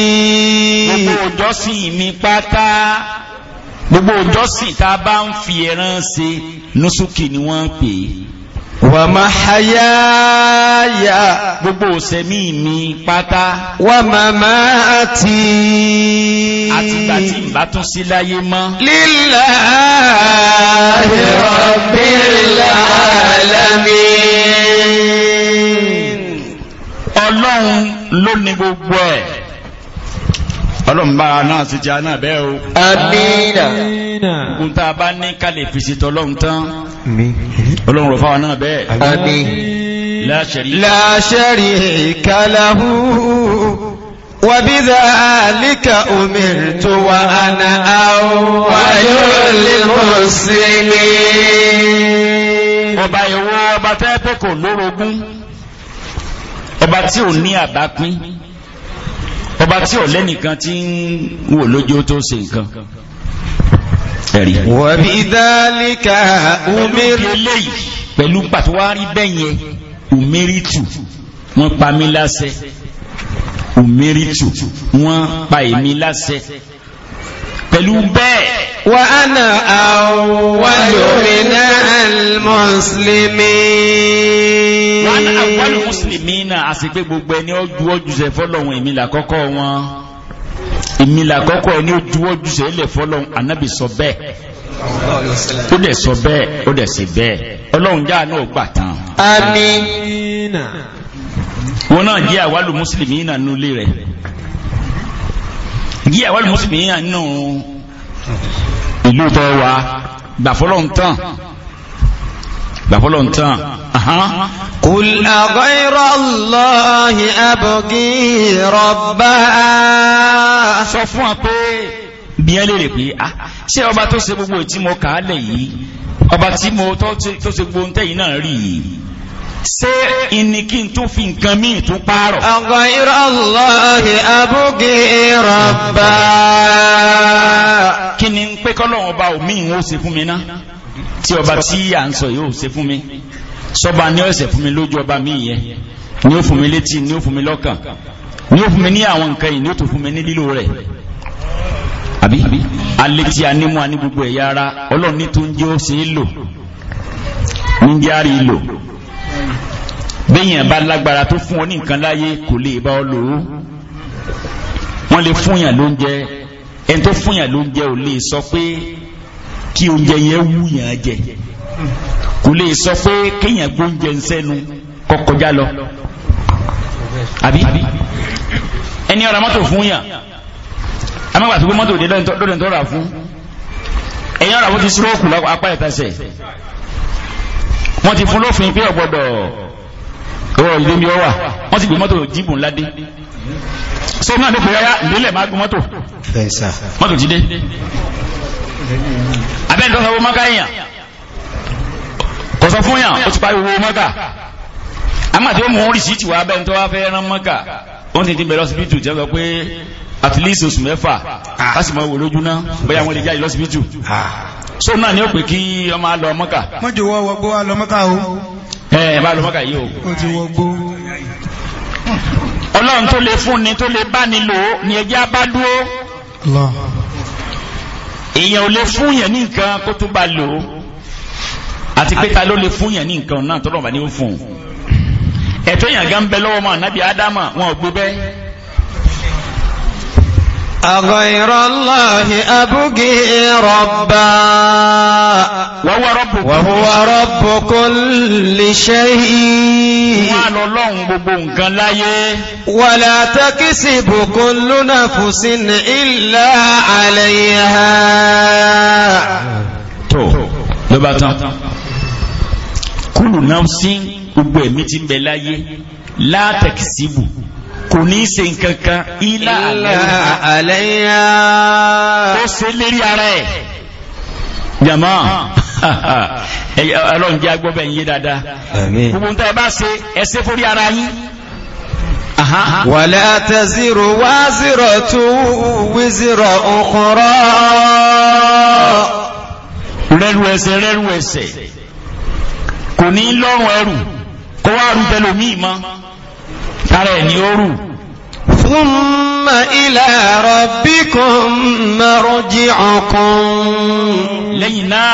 gbogbo ìjọsìn mi pátá gbogbo ìjọsìn tá a bá ń fi ẹran ṣe nusuki ni wọ́n ń pè é wà má hayáyà gbogbo òsẹ̀mí mi pátá
wà má má àti àtìgbà tí sí láyé mọ́ lillahi rabbil
alamin ọlọ́run ló ní gbogbo ẹ̀ ọlọ́mbára náà sí já náà bẹ́ o amina ń ta bá ní kalẹ̀ fèsì tọ́lọ́run tán ọlọ́run rọ̀ fáwọn
náà bẹ́ẹ̀ àmín la sharika lahu wa bidhalika umirtu wa ana awwalul muslimin
ọba ìwọ ọba tẹ́ pé kò lórogún ọba tí ò ní àbápín ọba tí ò lẹ́nìkan tí ń wò lójú tó ṣe nǹkan ẹ̀rí wọ̀bídálíkà umeri pẹ̀lú pàtíwárí bẹ́yẹ umeritu wọ́n pa mí láṣẹ umeritu wọ́n pa èmi láṣẹ
pẹ̀lú bẹ́ẹ̀ وأنا أول
من
المسلمين وأنا أول مسلمين àṣìpé
gbogbo ẹni ó juwọ́ jùsẹ̀
fọ́lọ́hun èmi làkọ́kọ́ wọn èmi làkọ́kọ́ ẹni ó juwọ́ jùsẹ̀ ilẹ̀ fọ́lọ́hun anábì sọ bẹ́ẹ̀ ó dẹ̀ sọ bẹ́ẹ̀ ó dẹ̀ sì bẹ́ẹ̀ ọlọ́run jáà náà gbà tán.
àmín.
wọn náà jẹ́ àwálù mùsùlùmí náà nulẹ̀ rẹ̀ jẹ́ àwálù mùsùlùmí náà nù ìlú tọ́ wa gbàfọ́lọ́ ń tàn gbàfọ́lọ́ ń
tàn قل أغير الله أبغي ربا sọ fún wa pé
bí ẹ lérè pé ah, ṣé ọba tó ṣe gbogbo ìtí mo kà á lẹ̀ yìí ọba tí mo tó ṣe gbogbo ń tẹ̀yìn náà rí yìí ṣé ìní kí n tún fi nǹkan míì tún pààrọ̀. ọ̀gọ̀ irọ́ Allahi abúgí rabba. kí ni ń pé kọ́lọ́run ọba omi ìwọ̀n ó ṣe fún mi ná tí ọba tí à ń sọ yóò ṣe fún mi sọba ni ó ṣe fún mi lójú ọba mi yẹn ni ó fún mi létí ni ó fún mi lọ́kàn ni ó fún mi ní àwọn nǹkan yìí ni ó tún fún mi ní lílo rẹ̀ àbí alétí anímú aní gbogbo ẹ̀yà ara ọlọ́run ní tó ń jẹ́ ó ṣe é lò ní járe bẹ́yìn bá lágbára tó fún ọ ní nǹkan láyé kò lè bá ọ lò ó wọ́n lè fún yàn lóúnjẹ ẹni tó fún yàn lóúnjẹ ò lè sọ pé kí oúnjẹ yẹn wú yàn jẹ kò lè sọ pé kéèyàn gbóúnjẹ ń sẹ́nu kó lọ àbí ẹni ọ̀rọ̀ mọ́tò fún yàn tó gbé mọ́tò dé lọ́dún tó rà fún ẹ̀yìn ọ̀rọ̀ àwọn ti súrọ́ọ̀kù apá ìtàsẹ̀ wọ́n ti fún lófin pé ọ̀gbọ́dọ̀ ọwọ́ ilé ni ọ wà wọ́n ti gbé mọ́tò jíìpù ńlá dé ṣé náà ló pè ọ́yá ìdílẹ̀ máa gbé mọ́tò mọ́tò jíde abẹ́ni lọ́sọ̀ owó mọ́ká èèyàn kò sọ fún yàn ó ti parí owó mọ́ká amáàtí ó mú orí sí tiwa abẹ́ni tó wá fẹ́ rán mọ́ká wọ́n ti ti bẹ̀rẹ̀ ọsibítù jẹ́ sọ pé at least oṣù mẹ́fà láti ah. mọ̀ wò lójú náà bóyá wọ́n lè jáde lọ́sibítù ah. so náà ni ó pè kí ọmọ alọ́ mọ́ká. mọ́jọ wọ́ wọ́gbọ́ ẹ bá lọ mọ́kà yìí o ó ti wọ gbó ọlọ́run tó lè fún ni tó lè bá ni lò ní ẹjẹ́ abádúró èèyàn ò lè fún yẹn ní nǹkan kó tó bá lò àti pé ta ló lè fún yẹn ní nǹkan náà tọ́lọ̀ bá ní ó fún ẹ̀tọ́ yẹn gan bẹ lọ́wọ́ mọ́ ànábì ádámà wọn ò gbé bẹ́ẹ̀
أغير الله أبغي ربا وهو رب وهو رب كل شيء ولا تكسب كل نفس إلا عليها
تو لباتا كل نفس gbogbo ẹ̀mí ti bẹ̀ láyé látẹ̀kì síbù kò ní ṣe nkankan ilá àlẹ́yà ó ṣe lérí ara ẹ̀ jama ọlọ́run jẹ́ agbọ́bẹ̀ yìí dáadáa gbogbo ń tẹ́ bá ṣe ẹsẹ́ fórí ara yín
wàlá tẹ́zírò wá zírò tó wízírò ọkùnrọ́ rẹ́rù ẹsẹ̀ rẹ́rù ẹsẹ̀ kò ní lọ́rùn ẹrù kó wá rú bẹ́lòmí mọ́ sára ẹ̀ ní òrù thumma ila rabbikum marji'ukum lẹ́yìn náà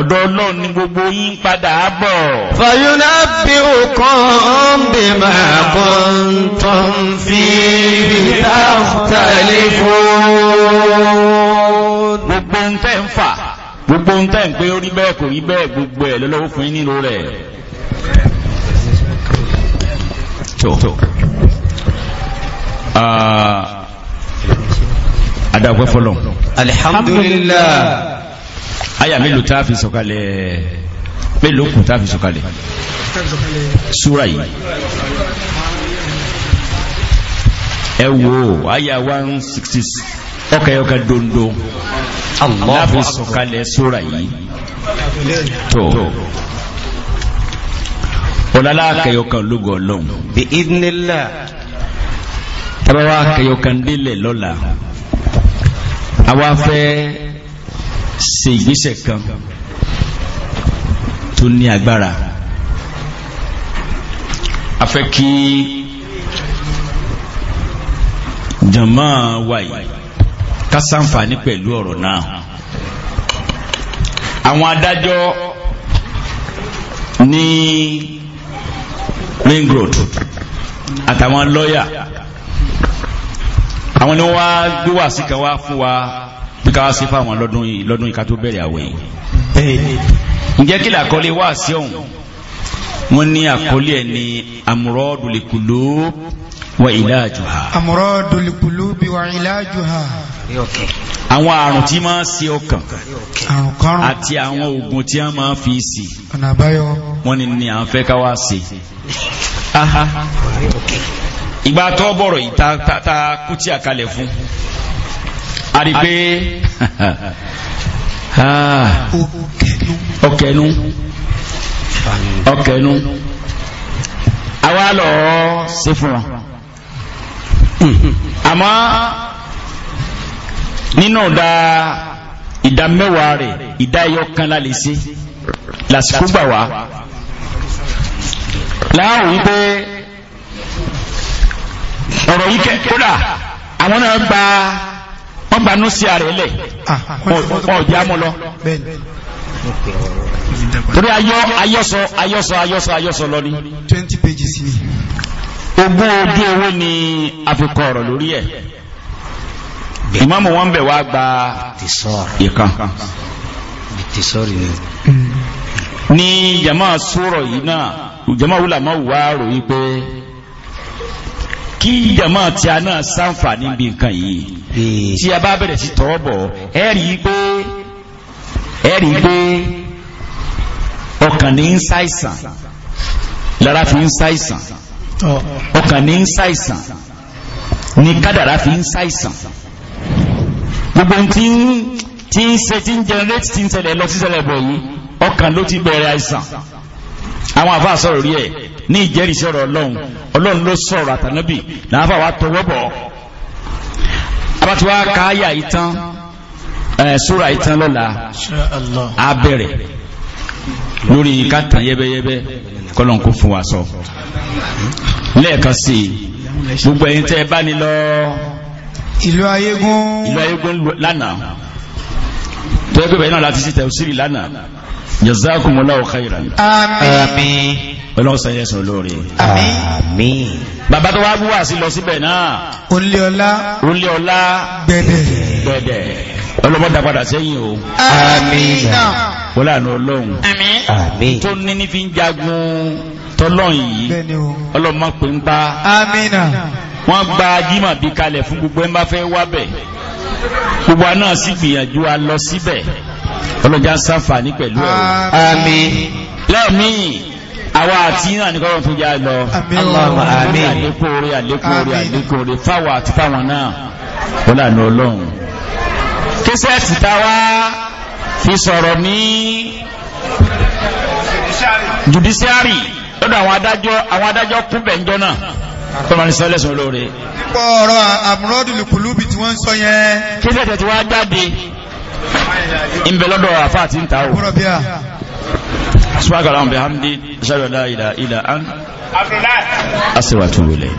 ọ̀dọ̀ ọlọ́run ni gbogbo yín padà bọ̀ fayunabbi'ukum bima kuntum fihi takhtalifun gbogbo ń tẹ́ ń fà
gbogbo ń tẹ́ ń pé ó bẹ́ẹ̀ kò rí bẹ́ẹ̀ gbogbo ẹ̀ lọ́lọ́wọ́ fún yín nílò
Ah, adáwọ̀pẹ́ fọ́lọ̀ alhamdulillah
ayà mélòó tá fi sọ̀kalẹ̀ mélòó kù tá fi sọ̀kalẹ̀ súra yìí ẹ wò ayà 166 ọkàyọkà dondo láfi sọ̀kalẹ̀ súra To. tó ọ̀lálá kẹyọkan lógo ọlọ́run bí ìdínlẹ́lá
tàbáwá kẹyọkan
délẹ̀ lọ́la àwa fẹ́ ṣe ìgbésẹ̀ kan tó ní agbára a fẹ́ kí jàmá wáyé ká ṣàǹfààní pẹ̀lú ọ̀rọ̀ náà àwọn adájọ́ ní Main road
àtàwọn lọ́yà
àwọn ni wá gbé wà sí kan wá fún wa bí ká wá sí fáwọn lọ́dún yìí lọ́dún yìí ká tó bẹ̀rẹ̀ àwẹ̀ yìí ǹjẹ́ kí làkọ́lé wá sí ọ̀hún wọ́n ní àkọ́lé ẹ̀ ní amúrọ́dùlẹ̀kùlù wa ìlàjùhà
amradul qulubi wa ìlàjùhà
àwọn àrùn tí máa ń ṣe
ọkàn
àti àwọn oògùn tí a máa fi sí wọ́n ni ni à ń fẹ́ ká wá sí ìgbà tó bọ̀rọ̀ yìí ta kú tí a kalẹ̀ fún a rí pé ọkẹ̀nu ọkẹ̀nu àwa fún wọn àmọ́ nínú ìdá ìdá mẹ́wàá rẹ̀ ìdá ẹyọ kan la lè ṣe lásìkò gbà wá láàrùn wípé ọ̀rọ̀ yìí kẹ́ kódà àwọn náà gba wọ́n gba nú sí ààrẹ lẹ̀
ah, wọ́n jẹ́ lọ torí
ayọ́sọ ayọ́sọ ayọ́sọ lọ ní 20 pages ni ogún ogún owó ni àfikọ̀ ọ̀rọ̀ lórí ẹ̀ ìmáàmù wọn bẹ̀ wá gba ìkan ní jama sọ̀rọ̀ yìí náà jama wùlámà wà rò yí pé kí jama tí a náà sáǹfààní bí nǹkan yìí tí a bá bẹ̀rẹ̀ sí tọ́ bọ̀ pé ọkàn ní ń ṣàìsàn lára fi ń ṣàìsàn ọkàn ní ń ṣàìsàn ní kádàrá fi ń ṣàìsàn gbogbo tí ń tí ń ṣe tí ń generate tí ń ṣẹlẹ̀ lọ sí ṣẹlẹ̀ bọ̀ yìí ọkàn ló ti bẹ̀rẹ̀ àìsàn àwọn àfáà sọ̀rọ̀ rí ẹ̀ ní ìjẹ́rìí sọ̀rọ̀ ọlọ́run ọlọ́run ló sọ̀rọ̀ àtànábì làáfà wa tọwọ́ bọ̀ abatiwa káyà ìtàn ẹ̀ sóra ìtàn lọ́la abẹ́rẹ̀ lórí kàtà yẹ́bẹ́yẹ́bẹ́ kọ́lọ̀ kó fún wa sọ lẹ́ẹ̀kan sí gbogbo ẹ̀yin tẹ́ bá ní lọ ìlú ayégún ìlú ayégún lánàá tó ẹgbẹ́ bẹ̀rẹ̀ náà láti sí tẹ̀sílì lánàá jazakumullahu khairan àmín ọlọ́sàn yẹ́ sọ lórí àmín bàbá tó wá búwà sí lọ ọlọ́mọdà padà sẹ́yìn o amina wọ́n ọlọ́run tó ní ní fi ń jagun tọ́lọ́run yìí ọlọ́mọ pé ń bá amina wọ́n gba jímọ̀ bí kalẹ̀ fún gbogbo ẹ̀ ń bá fẹ́ wá bẹ̀ gbogbo àná sì gbìyànjú a lọ síbẹ̀ ọlọ́jà sáfà ní pẹ̀lú ẹ̀ àmín lẹ́ẹ̀mí àwa àti náà ní kọ́rọ̀ fún já lọ àlékòrè àlékòrè àlékòrè fáwà àti fáwọn náà wọ́n lànà ọlọ́run kírísẹ́ẹ̀tì táwa fi sọ̀rọ̀ ní judiciary lọ́dọ̀ àwọn adájọ́ àwọn adájọ́ kú bẹ̀ǹjọ́ náà tó máa ní sọ́lẹ̀ sọ lóore. pípọ̀ ọ̀rọ̀ àmúrọ́dùlù kùlùbì tí wọ́n ń sọ yẹn. kírísẹ́ẹ̀tì tí wọ́n á jáde ń lọ́dọ̀ àfa àti ń ta o. subhanahu wa ta'ala bihamdi ashhadu an